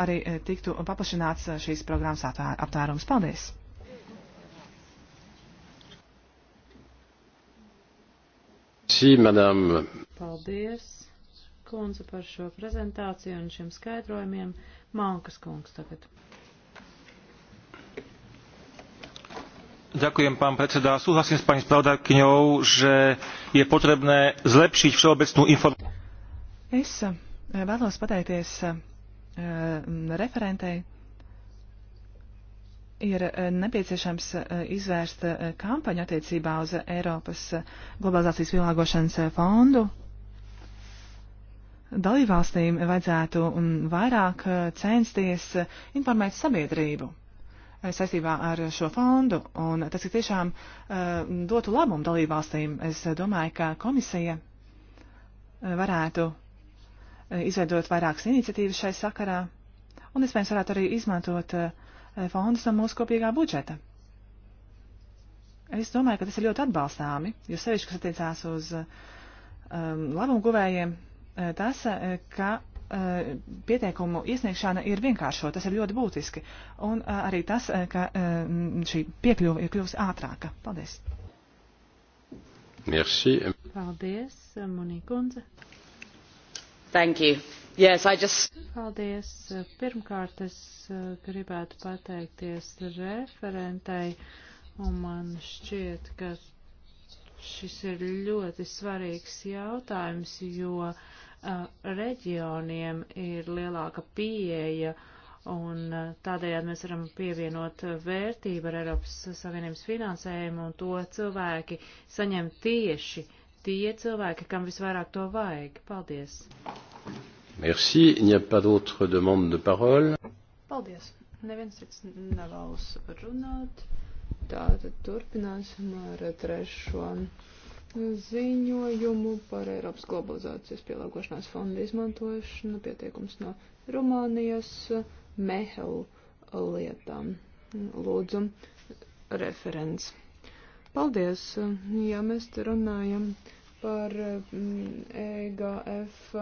arī tiktu paplašināts šīs programmas aptvērums. Paldies! Paldies, kundze, par šo prezentāciju un šiem skaidrojumiem. Mankas kungs tagad. Ďakujem, pán predseda. Súhlasím s pani spravodajkyňou, že je potrebné zlepšiť všeobecnú informáciu. Es eh, vēlos pateikties eh, referentei. Ir eh, nepieciešams izvērst kampaņu attiecībā uz Eiropas globalizācijas pielāgošanas fondu. Dalībvalstīm vajadzētu mm, vairāk censties informēt sabiedrību saistībā ar šo fondu, un tas ir tiešām eh, dotu labumu dalībvalstīm. Es domāju, ka komisija eh, varētu eh, izveidot vairākas iniciatīvas šai sakarā, un iespējams varētu arī izmantot fondus no mūsu kopīgā budžeta. Es domāju, ka tas ir ļoti atbalstāmi, jo sevišķi, kas attiecās uz um, labumu guvējiem, tas, ka Eh, pieteikumu iesniegšana ir vienkāršo, tas ir ļoti būtiski. Un eh, arī tas, eh, ka šī piekļuva ir kļūst ātrāka. Paldies! Merci. Paldies, Monikundze. Thank you. Yes, I just... Paldies. Pirmkārt, es gribētu pateikties referentei, un man šķiet, ka šis ir ļoti svarīgs jautājums, jo Eh, reģioniem ir lielāka pieeja un eh, tādējādi mēs varam pievienot vērtību ar Eiropas Savienības finansējumu un to cilvēki saņem tieši tie cilvēki, kam visvairāk to vajag. Paldies! Merci, il n'y a pas d'autre demande de parole. Paldies! Neviens cits nevēlas runāt. Tātad turpināsim ar trešo ziņojumu par Eiropas globalizācijas pielāgošanās fonda izmantošanu, pieteikums no Rumānijas Mehel lietām. Lūdzu, referents. Paldies, ja mēs te runājam par mm, EGF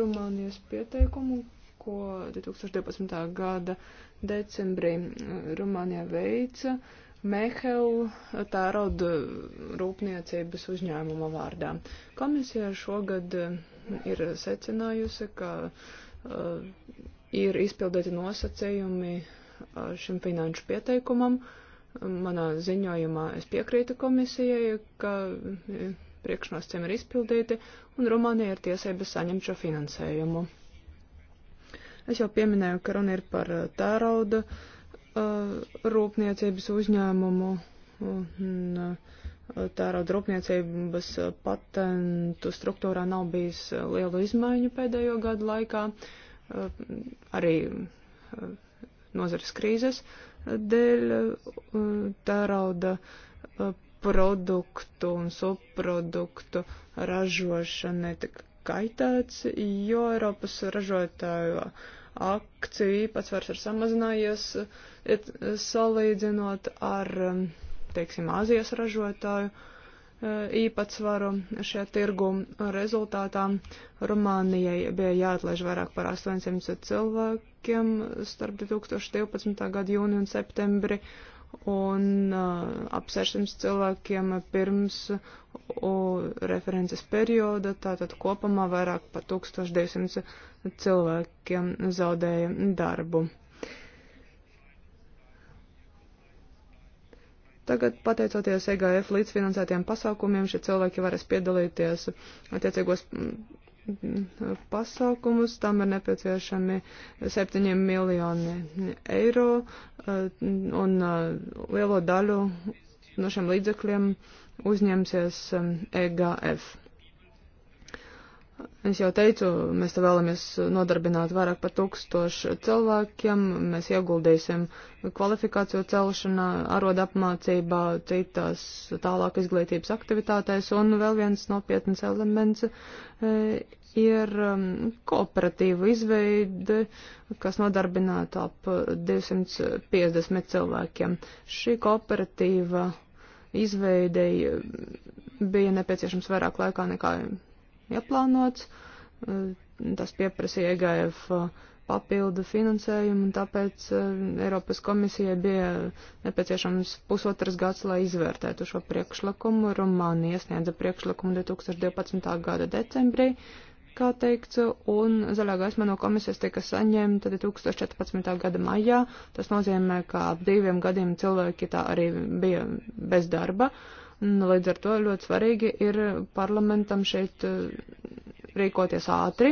Rumānijas pieteikumu, ko 2012. gada decembrī mm, Rumānijā veica. Uh, Mehelu tērauda rūpniecības uzņēmuma vārdā. Komisija šogad mm, ir secinājusi, ka uh, ir izpildīti nosacījumi uh, šim finanšu pieteikumam. Manā ziņojumā es piekrītu komisijai, ka mm, priekšnosacījumi ir izpildīti un Rumānija ir tiesības saņemt šo finansējumu. Es jau pieminēju, ka runa ir par uh, tērauda. Uh, Uh, rūpniecības uzņēmumu un uh, tērauda rūpniecības patentu struktūrā nav bijis uh, lielu izmaiņu pēdējo gadu laikā, arī nozares krīzes dēļ tērauda produktu un subproduktu ražošana netika kaitēts, jo Eiropas ražotāju uh, akciju īpatsvars ir samazinājies salīdzinot ar, um, teiksim, Āzijas ražotāju uh, īpatsvaru šajā tirgu rezultātā. Rumānijai bija jāatlaiž vairāk par 800 cilvēkiem starp 2012. gada jūni un septembri un uh, ap 600 cilvēkiem pirms uh, references perioda, tātad kopumā vairāk par 1200 cilvēkiem zaudēja darbu. Tagad, pateicoties EGF līdzfinansētiem pasākumiem, šie cilvēki varēs piedalīties attiecīgos mm, pasākumus. Tam ir nepieciešami 7 miljoni eiro eh, un eh, lielo daļu no šiem līdzekļiem uzņemsies EGF. Eh, e Es jau teicu, mēs te vēlamies nodarbināt vairāk par tūkstošu cilvēkiem, mēs ieguldīsim kvalifikāciju celšanā, arodu apmācībā, citās tālāk izglītības aktivitātēs, un vēl viens nopietns elements e, ir um, kooperatīva izveide, kas nodarbināta ap 250 cilvēkiem. Šī kooperatīva izveidei bija nepieciešams vairāk laikā nekā ieplānots. Eh, tas pieprasīja EGF eh, papildu finansējumu, un tāpēc eh, Eiropas komisijai bija nepieciešams pusotras gads, lai izvērtētu šo priekšlikumu. Rumānija iesniedza priekšlikumu 2012. gada decembrī, kā teikts, un zaļā gaisma no komisijas tika saņemta 2014. gada maijā. Tas nozīmē, ka ap diviem gadiem cilvēki tā arī bija bez darba. Uh, Līdz ar to ļoti svarīgi ir parlamentam šeit eh, rīkoties ātri.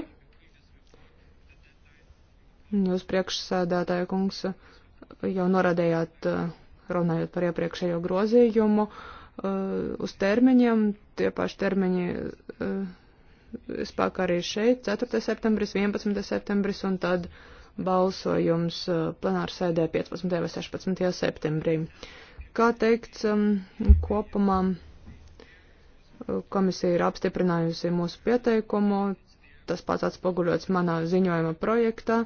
Jūs priekšsēdētāja kungs jau norādījāt, eh, runājot par iepriekšējo grozījumu, eh, uz termiņiem, tie paši termiņi spēkā arī šeit, 4. septembris, 11. septembris un tad balsojums plenārsēdē 15. vai 16. septembrī. Kā teikts, um, kopumā uh, komisija ir apstiprinājusi mūsu pieteikumu, tas pats atspoguļots manā ziņojuma projektā.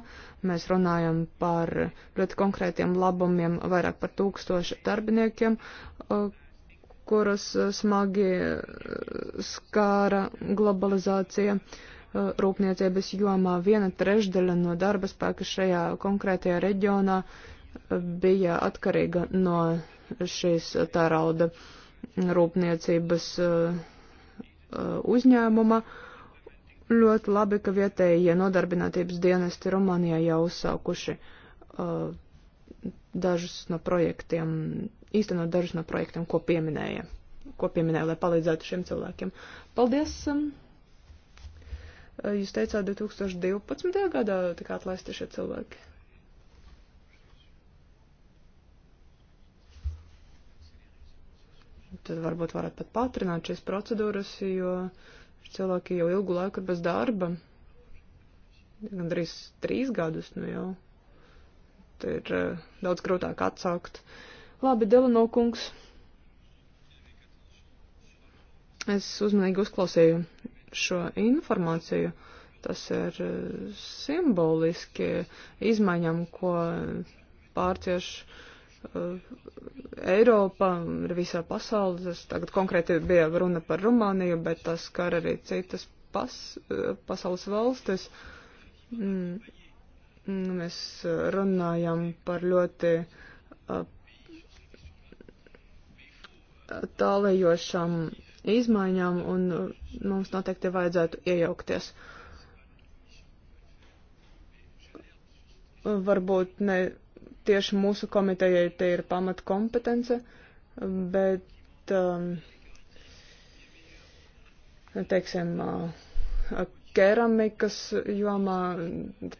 Mēs runājam par ļoti konkrētiem labumiem, vairāk par tūkstošu darbiniekiem, uh, kurus uh, smagi skāra globalizācija rūpniecības jomā. Viena trešdaļa no darba spēka šajā konkrētajā reģionā bija atkarīga no šīs tārauda rūpniecības uh, uh, uzņēmuma. Ļoti labi, ka vietējie nodarbinātības dienesti Rumānijā jau uzsākuši uh, dažus no projektiem, īstenot dažus no projektiem, ko pieminēja, ko pieminēja, lai palīdzētu šiem cilvēkiem. Paldies! Um, jūs teicāt, 2012. gadā tika atlaisti šie cilvēki. Tad varbūt varētu pat pātrināt šīs procedūras, jo cilvēki jau ilgu laiku ir bez darba. Gan arī trīs gadus, nu jau. Tur ir uh, daudz grūtāk atsākt. Labi, Delano kungs. Es uzmanīgi uzklausīju šo informāciju. Tas ir eh, simboliski izmaiņam, ko pārcieš uh, Eh, Eiropā, ir visā pasaulē. Es tagad konkrēti bija runa par Rumāniju, bet tas skar arī citas pas, eh, pasaules valstis. Mm. Nu, mēs eh, runājam par ļoti tālējošām izmaiņām, un mums noteikti vajadzētu iejaukties. Varbūt ne tieši mūsu komitejai te ir pamatkompetence, bet, um, teiksim, uh, keramikas jomā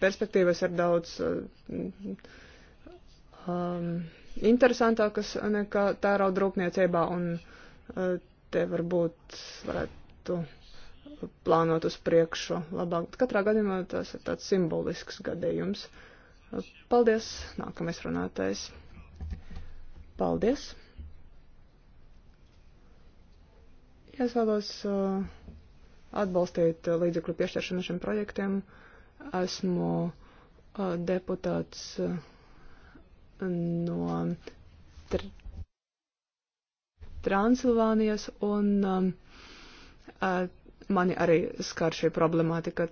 perspektīvas ir daudz uh, um, interesantākas nekā tērauda rūpniecībā, un uh, te varbūt varētu plānot uz priekšu labāk. Bet katrā gadījumā tas ir tāds simbolisks gadījums. Uh, Paldies. Nākamais runātais. Paldies. Es vēlos uh, atbalstīt uh, līdzekļu piešķiršanu šiem projektiem. Esmu uh, deputāts uh, no tr Transilvānijas un um, uh, mani arī skar šī problemātika.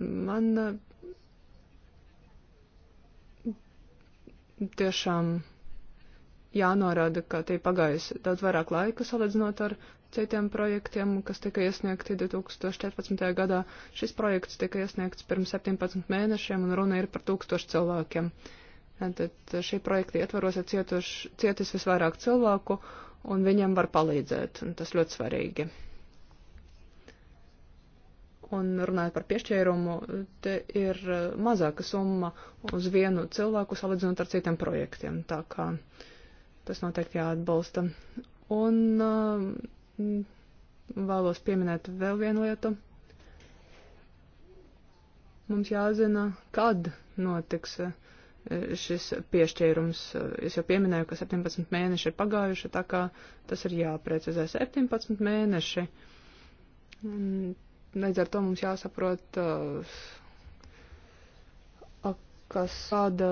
Man uh, tiešām jānorāda, ka tie pagājis daudz vairāk laika salīdzinot ar citiem projektiem, kas tika iesniegti 2014. gadā. Šis projekts tika iesniegts pirms 17 mēnešiem un runa ir par tūkstošu cilvēkiem. Tad šī projekta ietvaros ir cietuš, cietis visvairāk cilvēku un viņiem var palīdzēt, un tas ļoti svarīgi. Un runājot par piešķērumu, te ir eh, mazāka summa uz vienu cilvēku salīdzinot ar citiem projektiem. Tā kā tas noteikti jāatbalsta. Un eh, vēlos pieminēt vēl vienu lietu. Mums jāzina, kad notiks eh, šis piešķīrums. Es jau pieminēju, ka 17 mēneši ir pagājuši, tā kā tas ir jāprecizē 17 mēneši. Līdz ar to mums jāsaprot, uh, kas kāda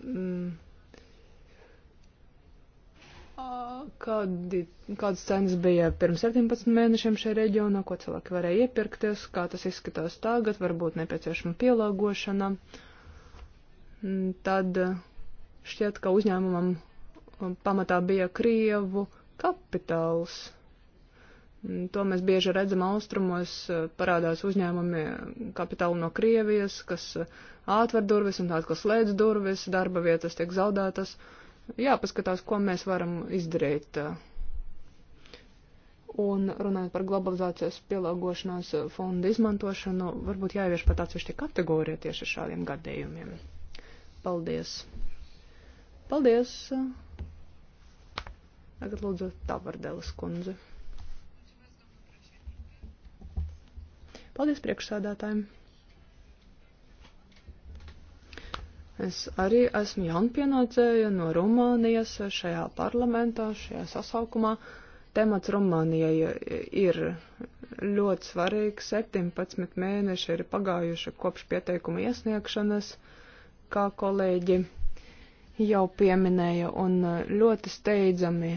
mm, kādi, kādas cenas bija pirms 17 mēnešiem šajā reģionā, ko cilvēki varēja iepirkties, kā tas izskatās tagad, varbūt nepieciešama pielāgošana. Mm, tad uh, šķiet, ka uzņēmumam um, pamatā bija Krievu kapitāls. Mm, to mēs bieži redzam austrumos, e, parādās uzņēmumi e, kapitāli no Krievijas, kas atver e, durvis un atkal slēdz durvis, darba vietas tiek zaudētas. Jāpaskatās, ko mēs varam izdarīt. Un runājot par globalizācijas pielāgošanās fonda izmantošanu, varbūt jāievieš pat atsevišķi kategorija tieši šādiem gadījumiem. Paldies! Paldies! Tagad lūdzu Tavardelas kundze. Paldies priekšsēdētājiem! Es arī esmu jaunpienācēja no Rumānijas šajā parlamentā, šajā sasaukumā. Temats Rumānijai ir ļoti svarīgs. 17 mēneši ir pagājuši kopš pieteikuma iesniegšanas, kā kolēģi jau pieminēja, un ļoti steidzami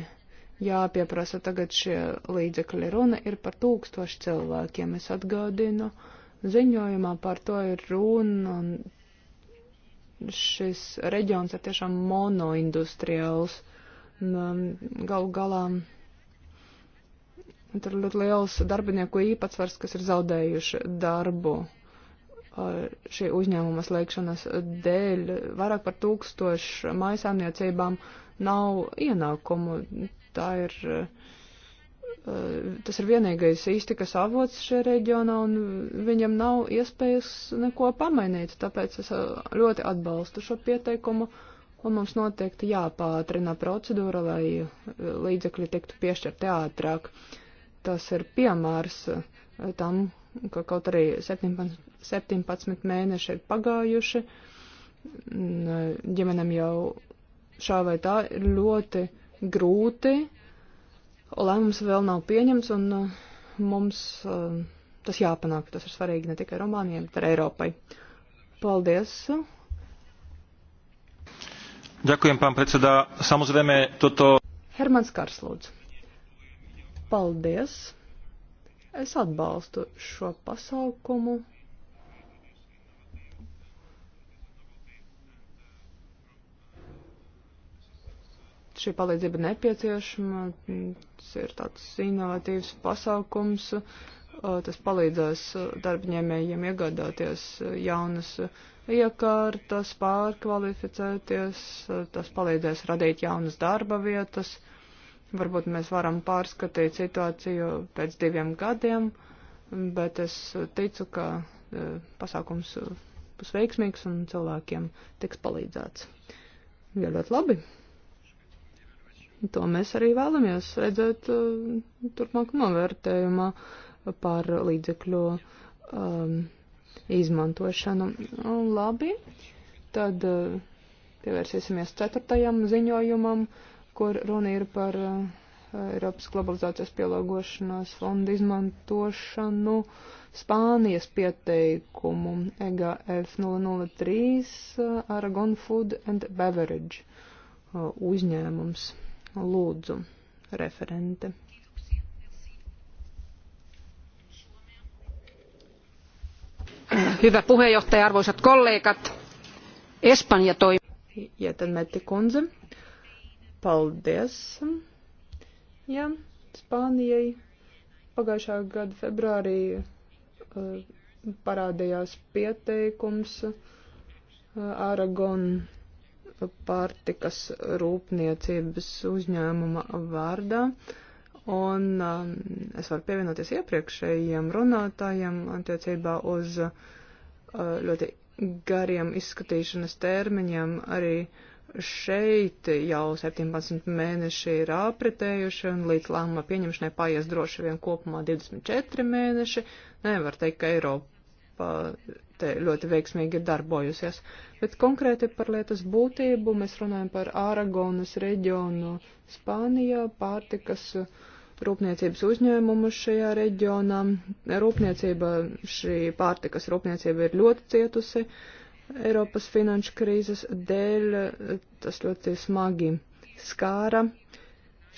jāpieprasa tagad šie līdzekļi. Runa ir par tūkstošu cilvēkiem, es atgādinu, ziņojumā par to ir runa, un šis reģions ir tiešām monoindustriāls. Um, galu galā tur ir ļoti liels darbinieku īpatsvars, kas ir zaudējuši darbu šī uzņēmuma slēgšanas dēļ vairāk par tūkstošu mājasāmniecībām nav ienākumu. Tā ir, tas ir vienīgais iztikas avots šajā reģionā, un viņam nav iespējas neko pamainīt, tāpēc es ļoti atbalstu šo pieteikumu, un mums noteikti jāpātrina procedūra, lai līdzekļi tiktu piešķirti ātrāk. Tas ir piemērs tam, ka kaut arī 17, 17 mēneši ir pagājuši, ģimenem jau šā vai tā ir ļoti grūti, lēmums vēl nav pieņemts un mums tas jāpanāk, tas ir svarīgi ne tikai Romānijai, bet arī Eiropai. Paldies! Ďakujem, pán predseda. Samozrejme, toto... Hermans Karslūdz. Paldies. Es atbalstu šo pasaukumu. Šī palīdzība nepieciešama, tas ir tāds inovatīvs pasaukums, tas palīdzēs darbņēmējiem iegādāties jaunas iekārtas, pārkvalificēties, tas palīdzēs radīt jaunas darba vietas. Varbūt mēs varam pārskatīt situāciju pēc diviem gadiem, bet es ticu, ka e, pasākums būs veiksmīgs un cilvēkiem tiks palīdzēts. Ja ļoti labi. To mēs arī vēlamies redzēt e, turpmāk novērtējumā par līdzekļu um, izmantošanu. Labi, tad pievērsīsimies ceturtajam ziņojumam. Uh, kur runa ir par eh, Eiropas globalizācijas pielāgošanās fonda izmantošanu Spānijas pieteikumu EGF 003 eh, Aragon Food and Beverage eh, uzņēmums. Lūdzu, referente. Hyvä puheenjohtaja, arvoisat kollegat. Espanja toimii. Jätän Metti Kunze. Paldies! Jā, Spānijai pagājušā gada februārī uh, parādījās pieteikums uh, Aragon pārtikas rūpniecības uzņēmuma vārdā. Un um, uh, es varu pievienoties iepriekšējiem runātājiem attiecībā uz uh, ļoti gariem izskatīšanas termiņiem arī uh, šeit jau 17 mēneši ir apritējuši un līdz lēmuma pieņemšanai paies droši vien kopumā 24 mēneši. Nevar teikt, ka Eiropa te ļoti veiksmīgi ir darbojusies, bet konkrēti par lietas būtību mēs runājam par Aragonas reģionu Spānijā, pārtikas rūpniecības uzņēmumu šajā reģionā. Rūpniecība, šī pārtikas rūpniecība ir ļoti cietusi. Uh, Eiropas finanšu krīzes dēļ eh, tas ļoti smagi skāra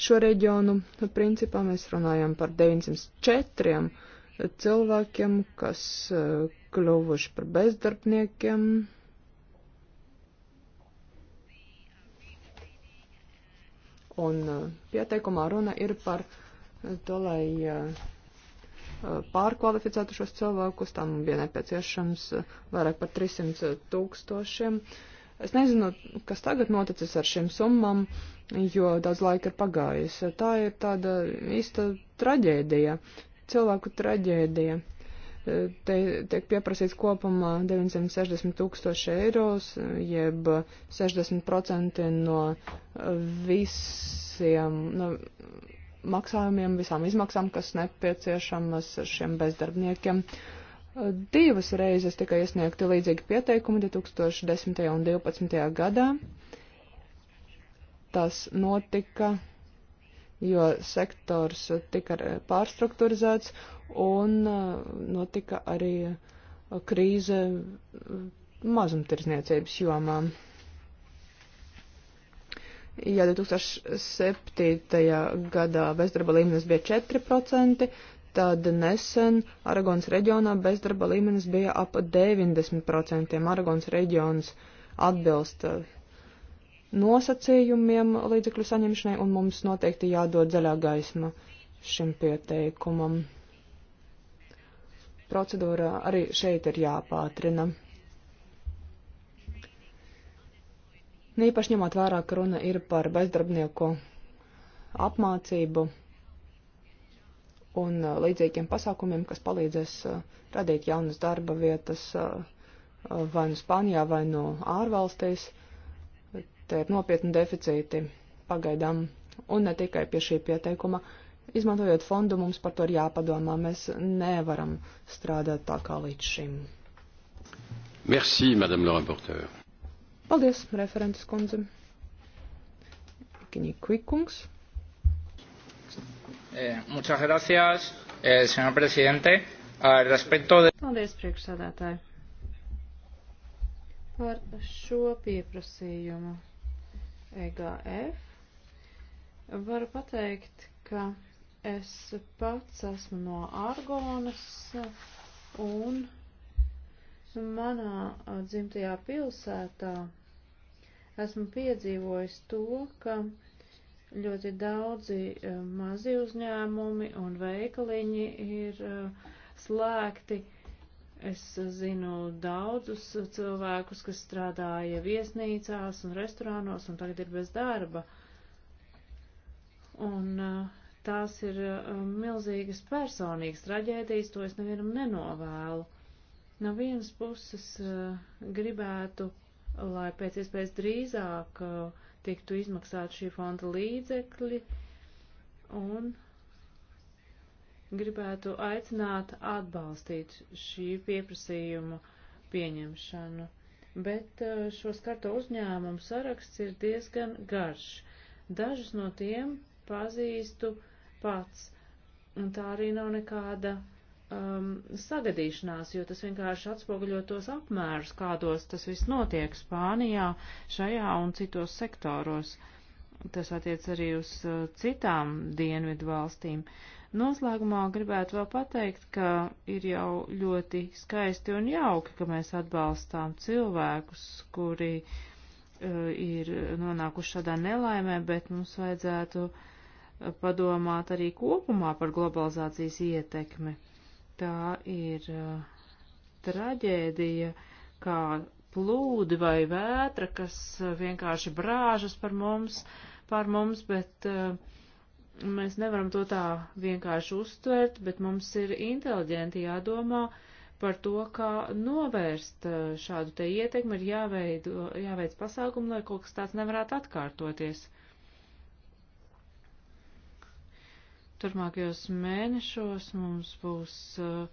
šo reģionu. Principā mēs runājam par 904 cilvēkiem, kas eh, kļuvuši par bezdarbniekiem. Un eh, pieteikumā runa ir par to, lai pārkvalificētu šos cilvēkus, tam bija nepieciešams vairāk par 300 tūkstošiem. Es nezinu, kas tagad noticis ar šīm summām, jo daudz laika ir pagājis. Tā ir tāda īsta traģēdija, cilvēku traģēdija. Te, tiek pieprasīts kopumā 960 tūkstoši eiros, jeb 60% no visiem, no maksājumiem, visām izmaksām, kas nepieciešamas šiem bezdarbniekiem. Divas reizes tika iesniegti līdzīgi pieteikumi 2010. un 2012. gadā. Tas notika, jo sektors tika pārstrukturizēts un uh, notika arī uh, krīze uh, mazumtirzniecības jomām. Ja 2007. gadā bezdarba līmenis bija 4%, tad nesen Aragons reģionā bezdarba līmenis bija ap 90%. Aragons reģions atbilst nosacījumiem līdzekļu saņemšanai, un mums noteikti jādod zaļā gaisma šim pieteikumam. Procedūra arī šeit ir jāpātrina. Nīpaši nu, ņemot vērā, ka runa ir par bezdarbnieku apmācību un uh, līdzīgiem pasākumiem, kas palīdzēs uh, radīt jaunas darba vietas uh, vai nu no Spānijā, vai no nu ārvalstīs. Te ir nopietni deficīti pagaidām, un ne tikai pie šī pieteikuma. Izmantojot fondu, mums par to ir jāpadomā. Mēs nevaram strādāt tā kā līdz šim. Merci, Madame la rapporteure. Paldies, referentes kundze. Kiņi Kvikungs. Eh, muchas gracias, eh, señor presidente. Ar respecto de... Paldies, priekšsādātāji. Par šo pieprasījumu EGF varu pateikt, ka es pats esmu no Argonas un manā dzimtajā pilsētā Esmu piedzīvojis to, ka ļoti daudzi e, mazi uzņēmumi un veikaliņi ir e, slēgti. Es zinu daudzus cilvēkus, kas strādāja viesnīcās un restorānos un tagad ir bez darba. Un e, tās ir milzīgas personīgas traģēdijas, to es nevienam nenovēlu. No vienas puses gribētu lai pēc iespējas drīzāk uh, tiktu izmaksāt šī fonda līdzekļi un gribētu aicināt atbalstīt šī pieprasījuma pieņemšanu. Bet uh, šo skarto uzņēmumu saraksts ir diezgan garš. Dažus no tiem pazīstu pats, un tā arī nav nekāda um, sagadīšanās, jo tas vienkārši atspoguļo tos apmērus, kādos tas viss notiek Spānijā, šajā un citos sektoros. Tas attiec arī uz uh, citām dienvidu valstīm. Noslēgumā gribētu vēl pateikt, ka ir jau ļoti skaisti un jauki, ka mēs atbalstām cilvēkus, kuri uh, ir nonākuši šādā nelaimē, bet mums vajadzētu uh, padomāt arī kopumā par globalizācijas ietekmi. Uh, tā ir uh, traģēdija, kā plūdi vai vētra, kas uh, vienkārši brāžas par mums, par mums, bet uh, mēs nevaram to tā vienkārši uztvert, bet mums ir inteliģenti jādomā par to, kā novērst šādu te ietekmi, ir jāveido, jāveic pasākumu, lai kaut kas tāds nevarētu atkārtoties. Uh, Turmākajos mēnešos mums būs uh,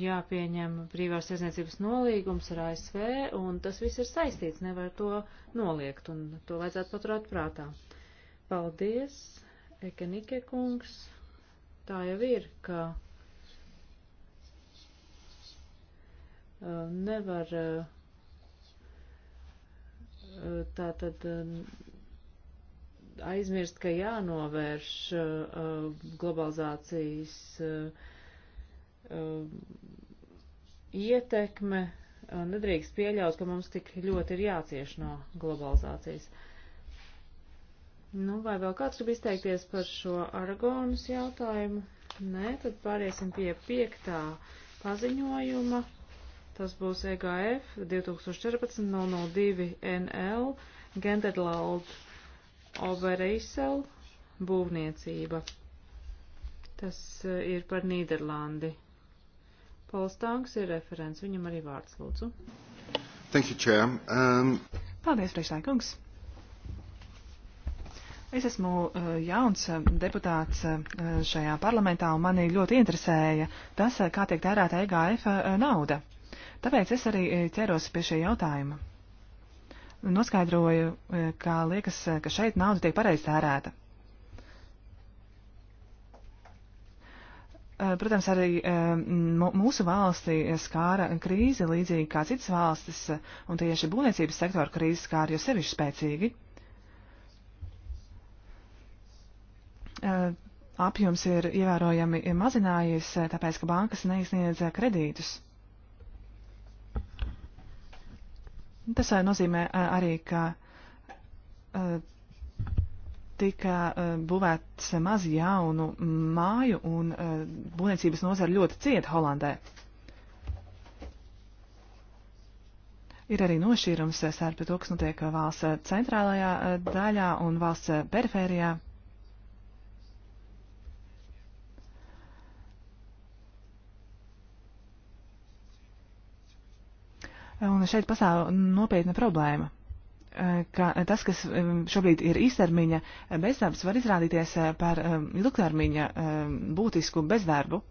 jāpieņem brīvās aizniecības nolīgums ar ASV, un tas viss ir saistīts, nevar to noliegt, un to vajadzētu paturēt prātā. Paldies, Ekenike kungs. Tā jau ir, ka uh, nevar uh, tā tad aizmirst, ka jānovērš uh, globalizācijas uh, uh, ietekme. Uh, nedrīkst pieļaut, ka mums tik ļoti ir jācieš no globalizācijas. Nu, vai vēl kāds grib izteikties par šo Aragonas jautājumu? Nē, tad pāriesim pie piektā paziņojuma. Tas būs EGF 2014.002 NL Genderlaud Overijsel būvniecība. Tas eh, ir par Nīderlandi. Pols Tanks ir referents, viņam arī vārds lūdzu. Thank you, Chair. Um... Paldies, priekšsēkungs. Es esmu uh, jauns eh, deputāts uh, šajā parlamentā un mani ļoti interesēja tas, kā tiek tērēta EGF nauda. Tāpēc es arī ķeros pie šī jautājuma noskaidroju, e, ka liekas, e, ka šeit nauda tiek pareizi tērēta. E, protams, arī mūsu valstī skāra krīze līdzīgi kā citas valstis, un tieši būvniecības sektora krīze skāra jau sevišķi spēcīgi. Apjoms ir ievērojami mazinājies, tāpēc, ka bankas neizniedz kredītus. Tas eh, nozīmē eh, arī, ka eh, tika būvēts maz jaunu māju un būvniecības nozara ļoti cieta Holandē. Ir arī nošķīrums starp to, kas notiek valsts centrālajā daļā un valsts perifērijā. Un šeit pastāv nopietna problēma e, ka tas, kas e, šobrīd ir īstermiņa bezdarbs, var izrādīties e, par ilgtermiņa būtisku bezdarbu.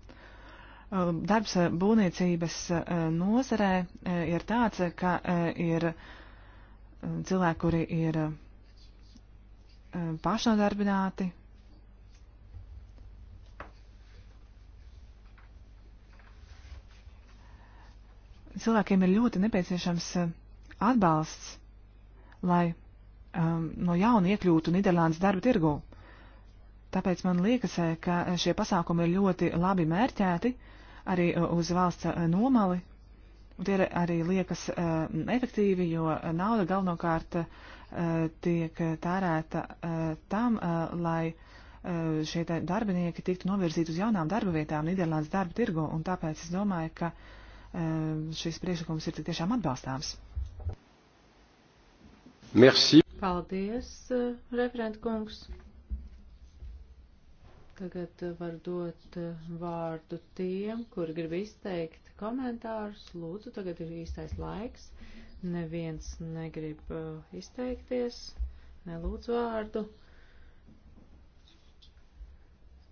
Darbs būvniecības nozarē ir tāds, ka ir cilvēki, kuri ir pašnodarbināti, cilvēkiem ir ļoti nepieciešams eh, atbalsts, lai um, no jauna iekļūtu Nīderlandes darba tirgū. Tāpēc man liekas, eh, ka eh, šie pasākumi ir ļoti labi mērķēti arī uz valsts nomali. Un tie arī liekas uh, efektīvi, jo nauda galvenokārt uh, tiek tērēta uh, tam, uh, lai uh, šie darbinieki tiktu novirzīti uz jaunām darba vietām Nīderlandes darba tirgu. Un tāpēc es domāju, ka uh, Ehm, šis priekšlikums ir tik tiešām atbalstāms. Merci. Paldies, eh, referent kungs. Tagad eh, var dot eh, vārdu tiem, kur grib izteikt komentārus. Lūdzu, tagad ir īstais laiks. Neviens negrib izteikties, nelūdz vārdu.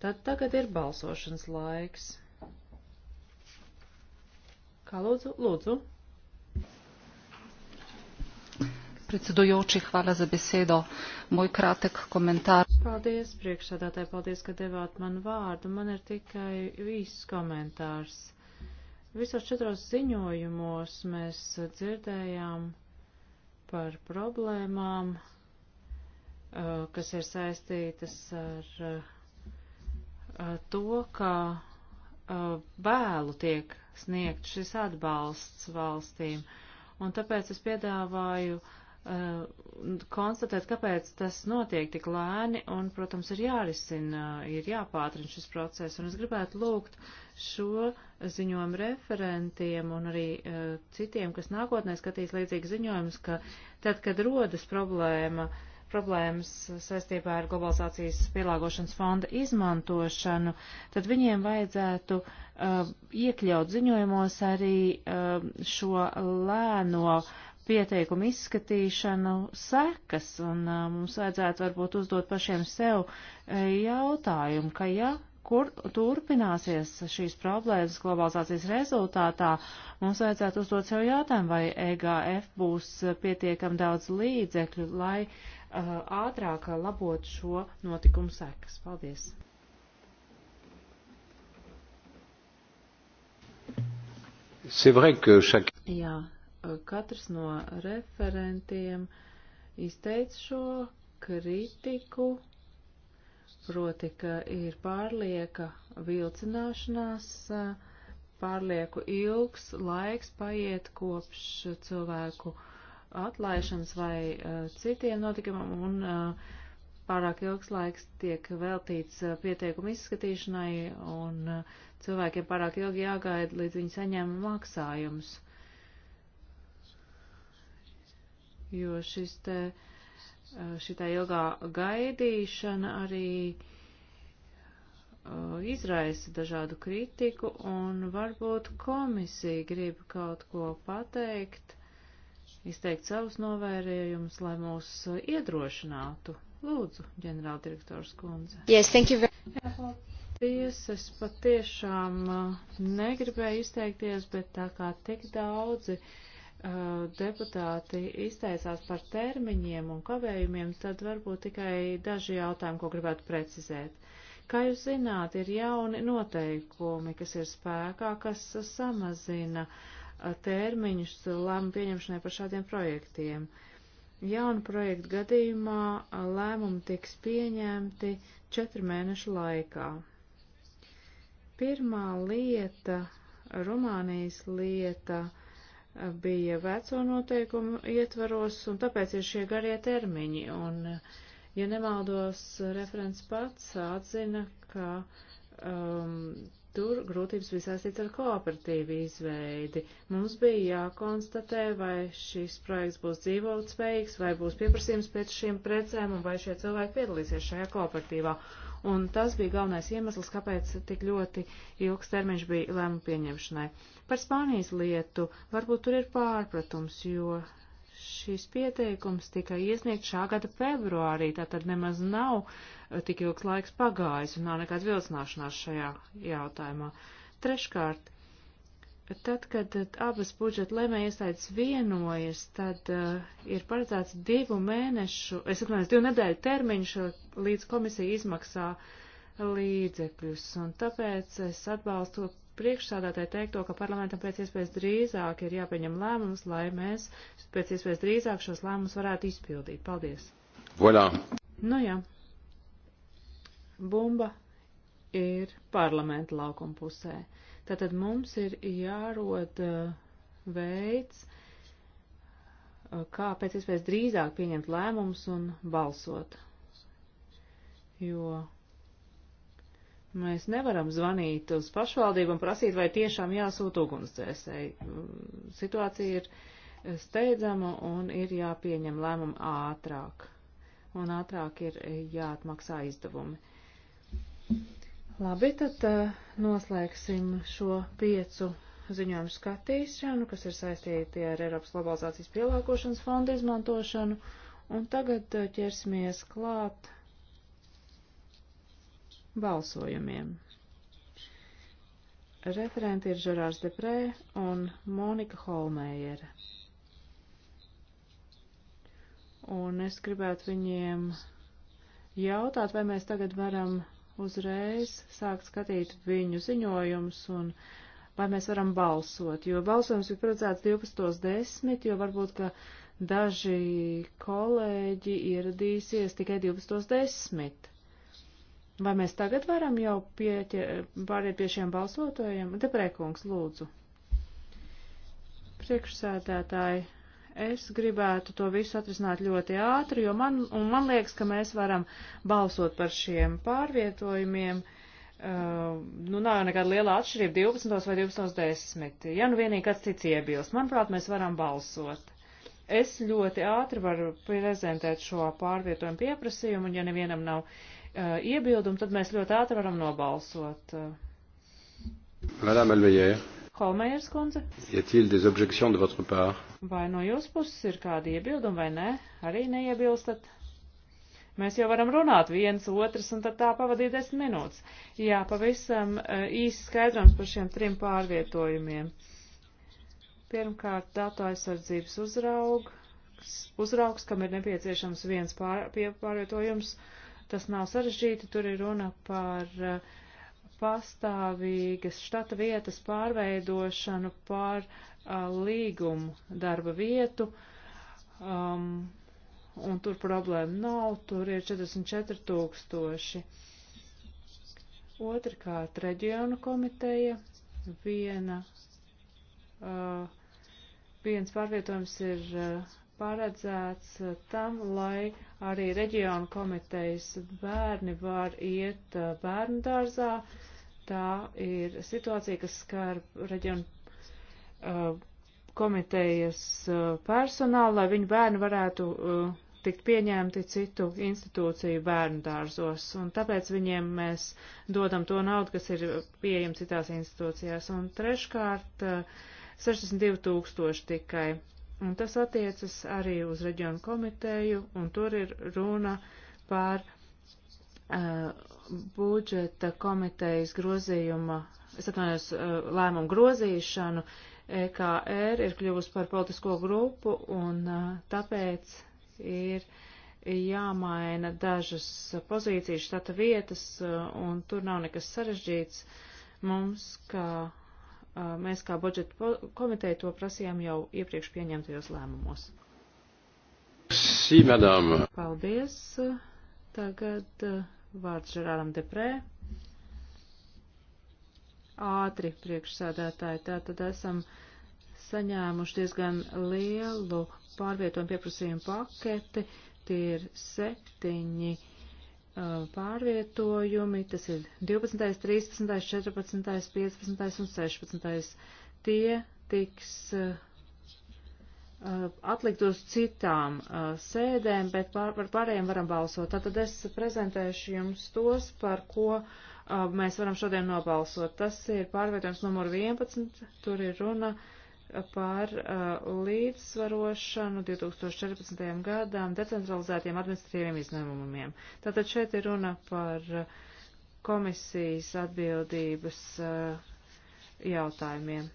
Tad tagad ir balsošanas laiks. Kā lūdzu? Lūdzu. Predsedujoči, hvala za besedo. Moj kratek komentār. Paldies, priekšsādātāji, paldies, ka devāt man vārdu. Man ir tikai īsts komentārs. Visos četros ziņojumos mēs dzirdējām par problēmām, eh, kas ir saistītas ar eh, to, ka eh, vēlu tiek sniegt šis atbalsts valstīm. Un tāpēc es piedāvāju uh, konstatēt, kāpēc tas notiek tik lēni, un, protams, ir jārisina, ir jāpātrina šis process, un es gribētu lūgt šo ziņojumu referentiem un arī uh, citiem, kas nākotnē skatīs līdzīgi ziņojumus, ka tad, kad rodas problēma, uh, problēmas saistībā ar globalizācijas pielāgošanas fonda izmantošanu, tad viņiem vajadzētu uh, iekļaut ziņojumos arī uh, šo lēno pieteikumu izskatīšanu sekas, un uh, mums vajadzētu varbūt uzdot pašiem sev uh, jautājumu, ka ja kur turpināsies šīs problēmas globalizācijas rezultātā, mums vajadzētu uzdot sev jautājumu, vai EGF būs pietiekam daudz līdzekļu, lai Uh, ātrāk labot šo notikumu sekas. Paldies! Vrai, chaque... Jā, katrs no referentiem izteica šo kritiku, proti, ka ir pārlieka vilcināšanās, pārlieku ilgs laiks paiet kopš cilvēku uh, atlaišanas vai citiem notikumam, un pārāk ilgs laiks tiek veltīts pieteikumu izskatīšanai, un cilvēkiem pārāk ilgi jāgaida, līdz viņi saņem maksājumus. Jo šis te, šitā ilgā gaidīšana arī izraisa dažādu kritiku, un varbūt komisija grib kaut ko pateikt izteikt savus novērējumus, lai mūs iedrošinātu. Lūdzu, ģenerāldirektors kundze. Yes, thank you very much. Paldies, es patiešām uh, negribēju izteikties, bet tā kā tik daudzi uh, deputāti izteicās par termiņiem un kavējumiem, tad varbūt tikai daži jautājumi, ko gribētu precizēt. Kā jūs zināt, ir jauni noteikumi, kas ir spēkā, kas samazina uh, termiņus lēmumu pieņemšanai par šādiem projektiem. Jaunu projektu gadījumā lēmumi tiks pieņemti četru mēnešu laikā. Pirmā lieta, Rumānijas lieta, bija veco noteikumu ietvaros, un tāpēc ir šie garie termiņi. Un, ja nemaldos, referents pats atzina, ka um, Tur grūtības visaistīts ar kooperatīvu izveidi. Mums bija jākonstatē, vai šis projekts būs dzīvotspējīgs, vai būs pieprasījums pēc šiem precēm, un vai šie cilvēki piedalīsies šajā kooperatīvā. Un tas bija galvenais iemesls, kāpēc tik ļoti ilgs termiņš bija lēmu pieņemšanai. Par Spānijas lietu varbūt tur ir pārpratums, jo šis pieteikums tika iesniegts šā gada februārī, tātad nemaz nav eh, tik ilgs laiks pagājis un nav nekāds vilcināšanās šajā jautājumā. Treškārt, tad, kad abas budžeta lēmē iestādes vienojas, tad uh, ir paredzēts divu mēnešu, es atvainojos, divu nedēļu termiņš, eh, līdz komisija izmaksā līdzekļus, un tāpēc es atbalstu priekšsādātāji teikto, ka parlamentam pēc iespējas drīzāk ir jāpieņem lēmums, lai mēs pēc iespējas drīzāk šos lēmumus varētu izpildīt. Paldies! Voilà. Nu jā. Bumba ir parlamenta laukuma pusē. Tātad mums ir jārod uh, veids, uh, kā pēc iespējas drīzāk pieņemt lēmumus un balsot. Jo Mēs nevaram zvanīt uz pašvaldību un prasīt, vai tiešām jāsūt ugunsdzēsēji. Mm, situācija ir steidzama un ir jāpieņem lēmumu ātrāk. Un ātrāk ir jāatmaksā izdevumi. Labi, tad eh, noslēgsim šo piecu ziņojumu skatīšanu, kas ir saistīti ar Eiropas globalizācijas pielāgošanas fonda izmantošanu. Un tagad eh, ķersimies klāt balsojumiem. Referenti ir Žerārs Deprē un Monika Holmējere. Un es gribētu viņiem jautāt, vai mēs tagad varam uzreiz sākt skatīt viņu ziņojumus un vai mēs varam balsot, jo balsojums ir paredzēts 12.10, jo varbūt, ka daži kolēģi ieradīsies tikai 12.10. Vai mēs tagad varam jau pieķe, pāriet pie šiem balsotojiem? Deprēkungs, lūdzu. Priekšsēdētāji, es gribētu to visu atrisināt ļoti ātri, jo man, un man liekas, ka mēs varam balsot par šiem pārvietojumiem. Uh, nu, nav jau nekāda liela atšķirība 12 vai 12.10. Ja nu vienīgi kāds cits iebilst, manuprāt, mēs varam balsot. Es ļoti ātri varu prezentēt šo pārvietojumu pieprasījumu, un ja nevienam nav uh, Uh, iebildumu, tad mēs ļoti ātri varam nobalsot. Uh, Madame Alveyer. Holmeiers kundze. Y a-t-il des objections de votre part? Vai no jūsu puses ir kādi iebildumi vai nē? Ne? Arī neiebilstat? Mēs jau varam runāt viens otrs un tad tā pavadīt desmit minūtes. Jā, pavisam uh, īsi skaidrums par šiem trim pārvietojumiem. Pirmkārt, datu aizsardzības uzraugs, uzraugs, kam ir nepieciešams viens pār, pārvietojums. Uh, Tas nav sarežģīti, tur ir runa par uh, pastāvīgas štata vietas pārveidošanu par uh, līgumu darba vietu. Um, un tur problēma nav, tur ir 44 tūkstoši. Otrakārt, reģionu komiteja, viena, uh, viens pārvietojums ir uh, paredzēts eh, tam, lai arī reģionu komitejas bērni var iet eh, bērnu dārzā. Tā ir situācija, kas skar reģionu uh, komitejas personālu, lai viņu bērni varētu uh, tikt pieņemti citu institūciju bērnu dārzos, un tāpēc viņiem mēs dodam to naudu, kas ir pieejama citās institūcijās. Un treškārt, 62 tūkstoši tikai Un tas attiecas arī uz reģionu komiteju, un tur ir runa pār uh, budžeta komitejas grozījuma, es atvainojos, uh, lēmumu grozīšanu. EKR ir kļuvusi par politisko grupu, un uh, tāpēc ir jāmaina dažas pozīcijas štata vietas, uh, un tur nav nekas sarežģīts. Mums, kā mēs kā budžeta komiteja to prasījām jau iepriekš pieņemtajos lēmumos. Sī, madām. Paldies. Tagad vārds Žerāram Deprē. Ātri priekšsēdētāji, tātad esam saņēmuši diezgan lielu pārvietojumu pieprasījumu paketi. Tie ir septiņi uh, pārvietojumi, tas ir 12., 13., 14., 15. un 16. Tie tiks atlikt uz citām sēdēm, bet pār, par pārējiem varam balsot. Tātad es prezentēšu jums tos, par ko mēs varam šodien nobalsot. Tas ir pārvietojums numur 11, tur ir runa. Uh, par uh, līdzsvarošanu 2014. gadām decentralizētiem administratīviem izņēmumiem. Tātad šeit ir runa par uh, komisijas atbildības uh, jautājumiem.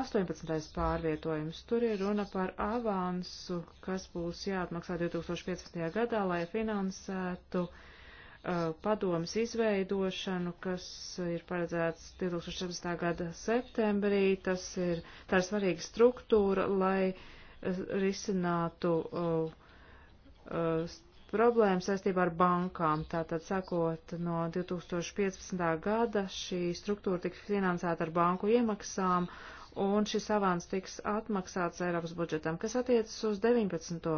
18. pārvietojums. Tur ir runa par avansu, kas būs jāatmaksā 2015. gadā, lai finansētu uh, Uh, padomas izveidošanu, kas ir paredzēts 2017. gada septembrī. Tas ir tā ir svarīga struktūra, lai uh, risinātu uh, uh, problēmas saistībā ar bankām. Tātad, sakot, no 2015. gada šī struktūra tika finansēta ar banku iemaksām, un šis avans tiks atmaksāts Eiropas budžetam. Kas attiecas uz 19.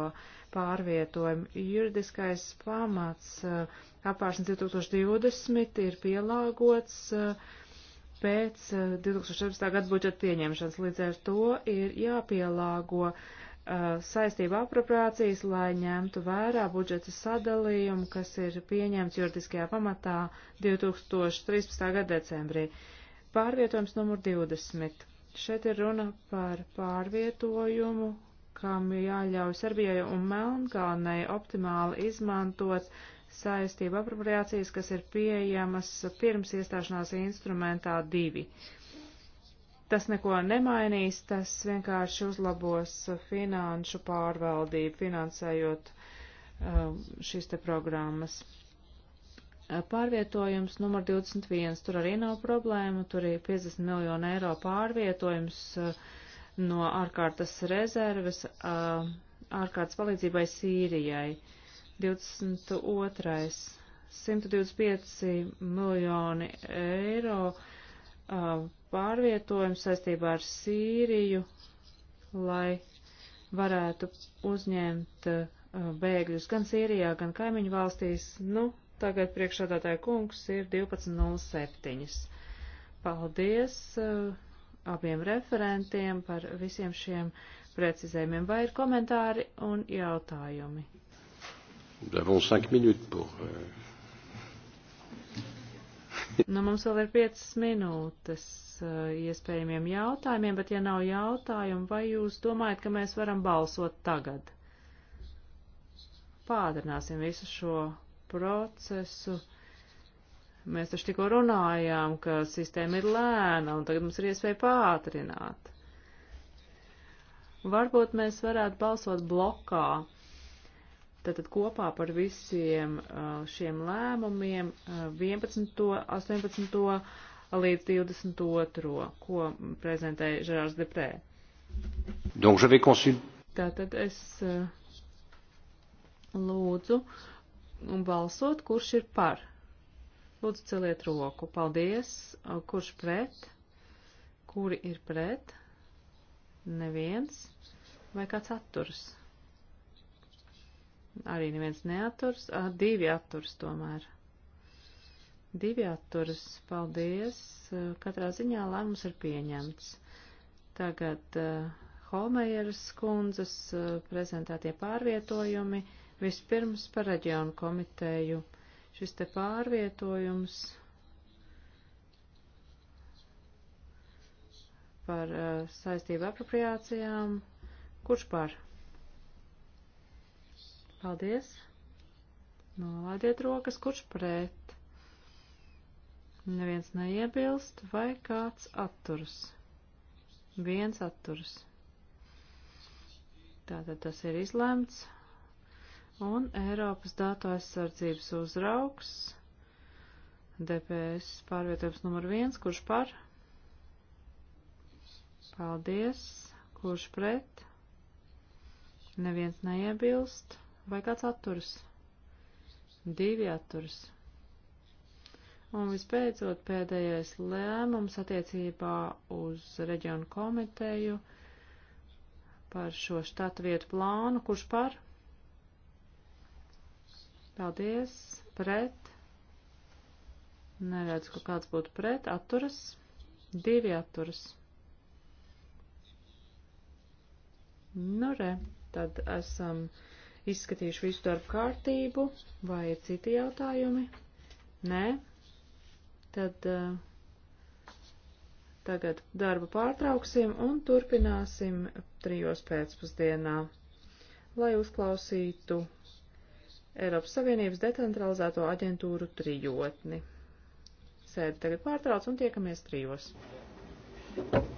pārvietojumu, juridiskais pamats eh, apvāršanas 2020 ir pielāgots eh, pēc 2017. Eh, gada budžeta pieņemšanas. Līdz ar to ir jāpielāgo uh, saistību apropriācijas, lai ņemtu vērā budžeta sadalījumu, kas ir pieņemts juridiskajā pamatā 2013. gada decembrī. Pārvietojums numur 20 Šeit ir runa par pārvietojumu, kam jāļauj Serbijai un Melnkalnei optimāli izmantot saistību apropriācijas, kas ir pieejamas pirms iestāšanās instrumentā divi. Tas neko nemainīs, tas vienkārši uzlabos finanšu pārvaldību, finansējot um, šīs te programmas pārvietojums numur 21. Tur arī nav problēmu, tur ir 50 miljonu eiro pārvietojums eh, no ārkārtas rezerves eh, ārkārtas palīdzībai Sīrijai. 22. 125 miljoni eiro eh, pārvietojums saistībā ar Sīriju, lai varētu uzņemt bēgļus gan Sīrijā, gan kaimiņu valstīs. Nu, Tagad priekšādātāja kungs ir 12.07. Paldies uh, abiem referentiem par visiem šiem precizējumiem. Vai ir komentāri un jautājumi? Pour, uh... nu, mums vēl ir 5 minūtes uh, iespējamiem jautājumiem, bet ja nav jautājumu, vai jūs domājat, ka mēs varam balsot tagad? Pādrināsim visu šo procesu. Mēs taču tikko runājām, ka sistēma ir lēna, un tagad mums ir iespēja pātrināt. Varbūt mēs varētu balsot blokā, tātad kopā par visiem uh, šiem lēmumiem 11. Uh, 18. līdz 22. ko prezentēja Žerārs Deprē. Donc, je vais consulter. Tātad es uh, lūdzu uh, un balsot, kurš ir par. Lūdzu, celiet roku. Paldies. Kurš pret? Kuri ir pret? Neviens. Vai kāds atturs? Arī neviens neaturs. A, divi atturs tomēr. Divi atturs. Paldies. Katrā ziņā lēmums ir pieņemts. Tagad uh, Holmejeras kundzes uh, prezentētie pārvietojumi. Uh, Vispirms par reģionu komiteju. Šis te pārvietojums par uh, saistību apropriācijām. Kurš par? Paldies. Nolaidiet rokas. Kurš pret? Neviens neiebilst vai kāds atturs? Viens atturs. Tātad tas ir izlemts un Eiropas datu aizsardzības uzraugs, DPS pārvietojums numur viens, kurš par? Paldies, kurš pret? Neviens neiebilst, vai kāds atturas? Divi atturas. Un visbeidzot pēdējais lēmums attiecībā uz reģionu komiteju par šo štatu vietu plānu, kurš par? Paldies. Pret. Neredzu, ka kāds būtu pret. Atturas. Divi atturas. Nu re, tad esam izskatījuši visu darbu kārtību. Vai ir citi jautājumi? Nē. Tad. Uh, Tagad darbu pārtrauksim un turpināsim trijos pēcpusdienā, lai uzklausītu Eiropas Savienības decentralizēto aģentūru trijotni. Sēdi tagad pārtrauc un tiekamies trijos. Thank you.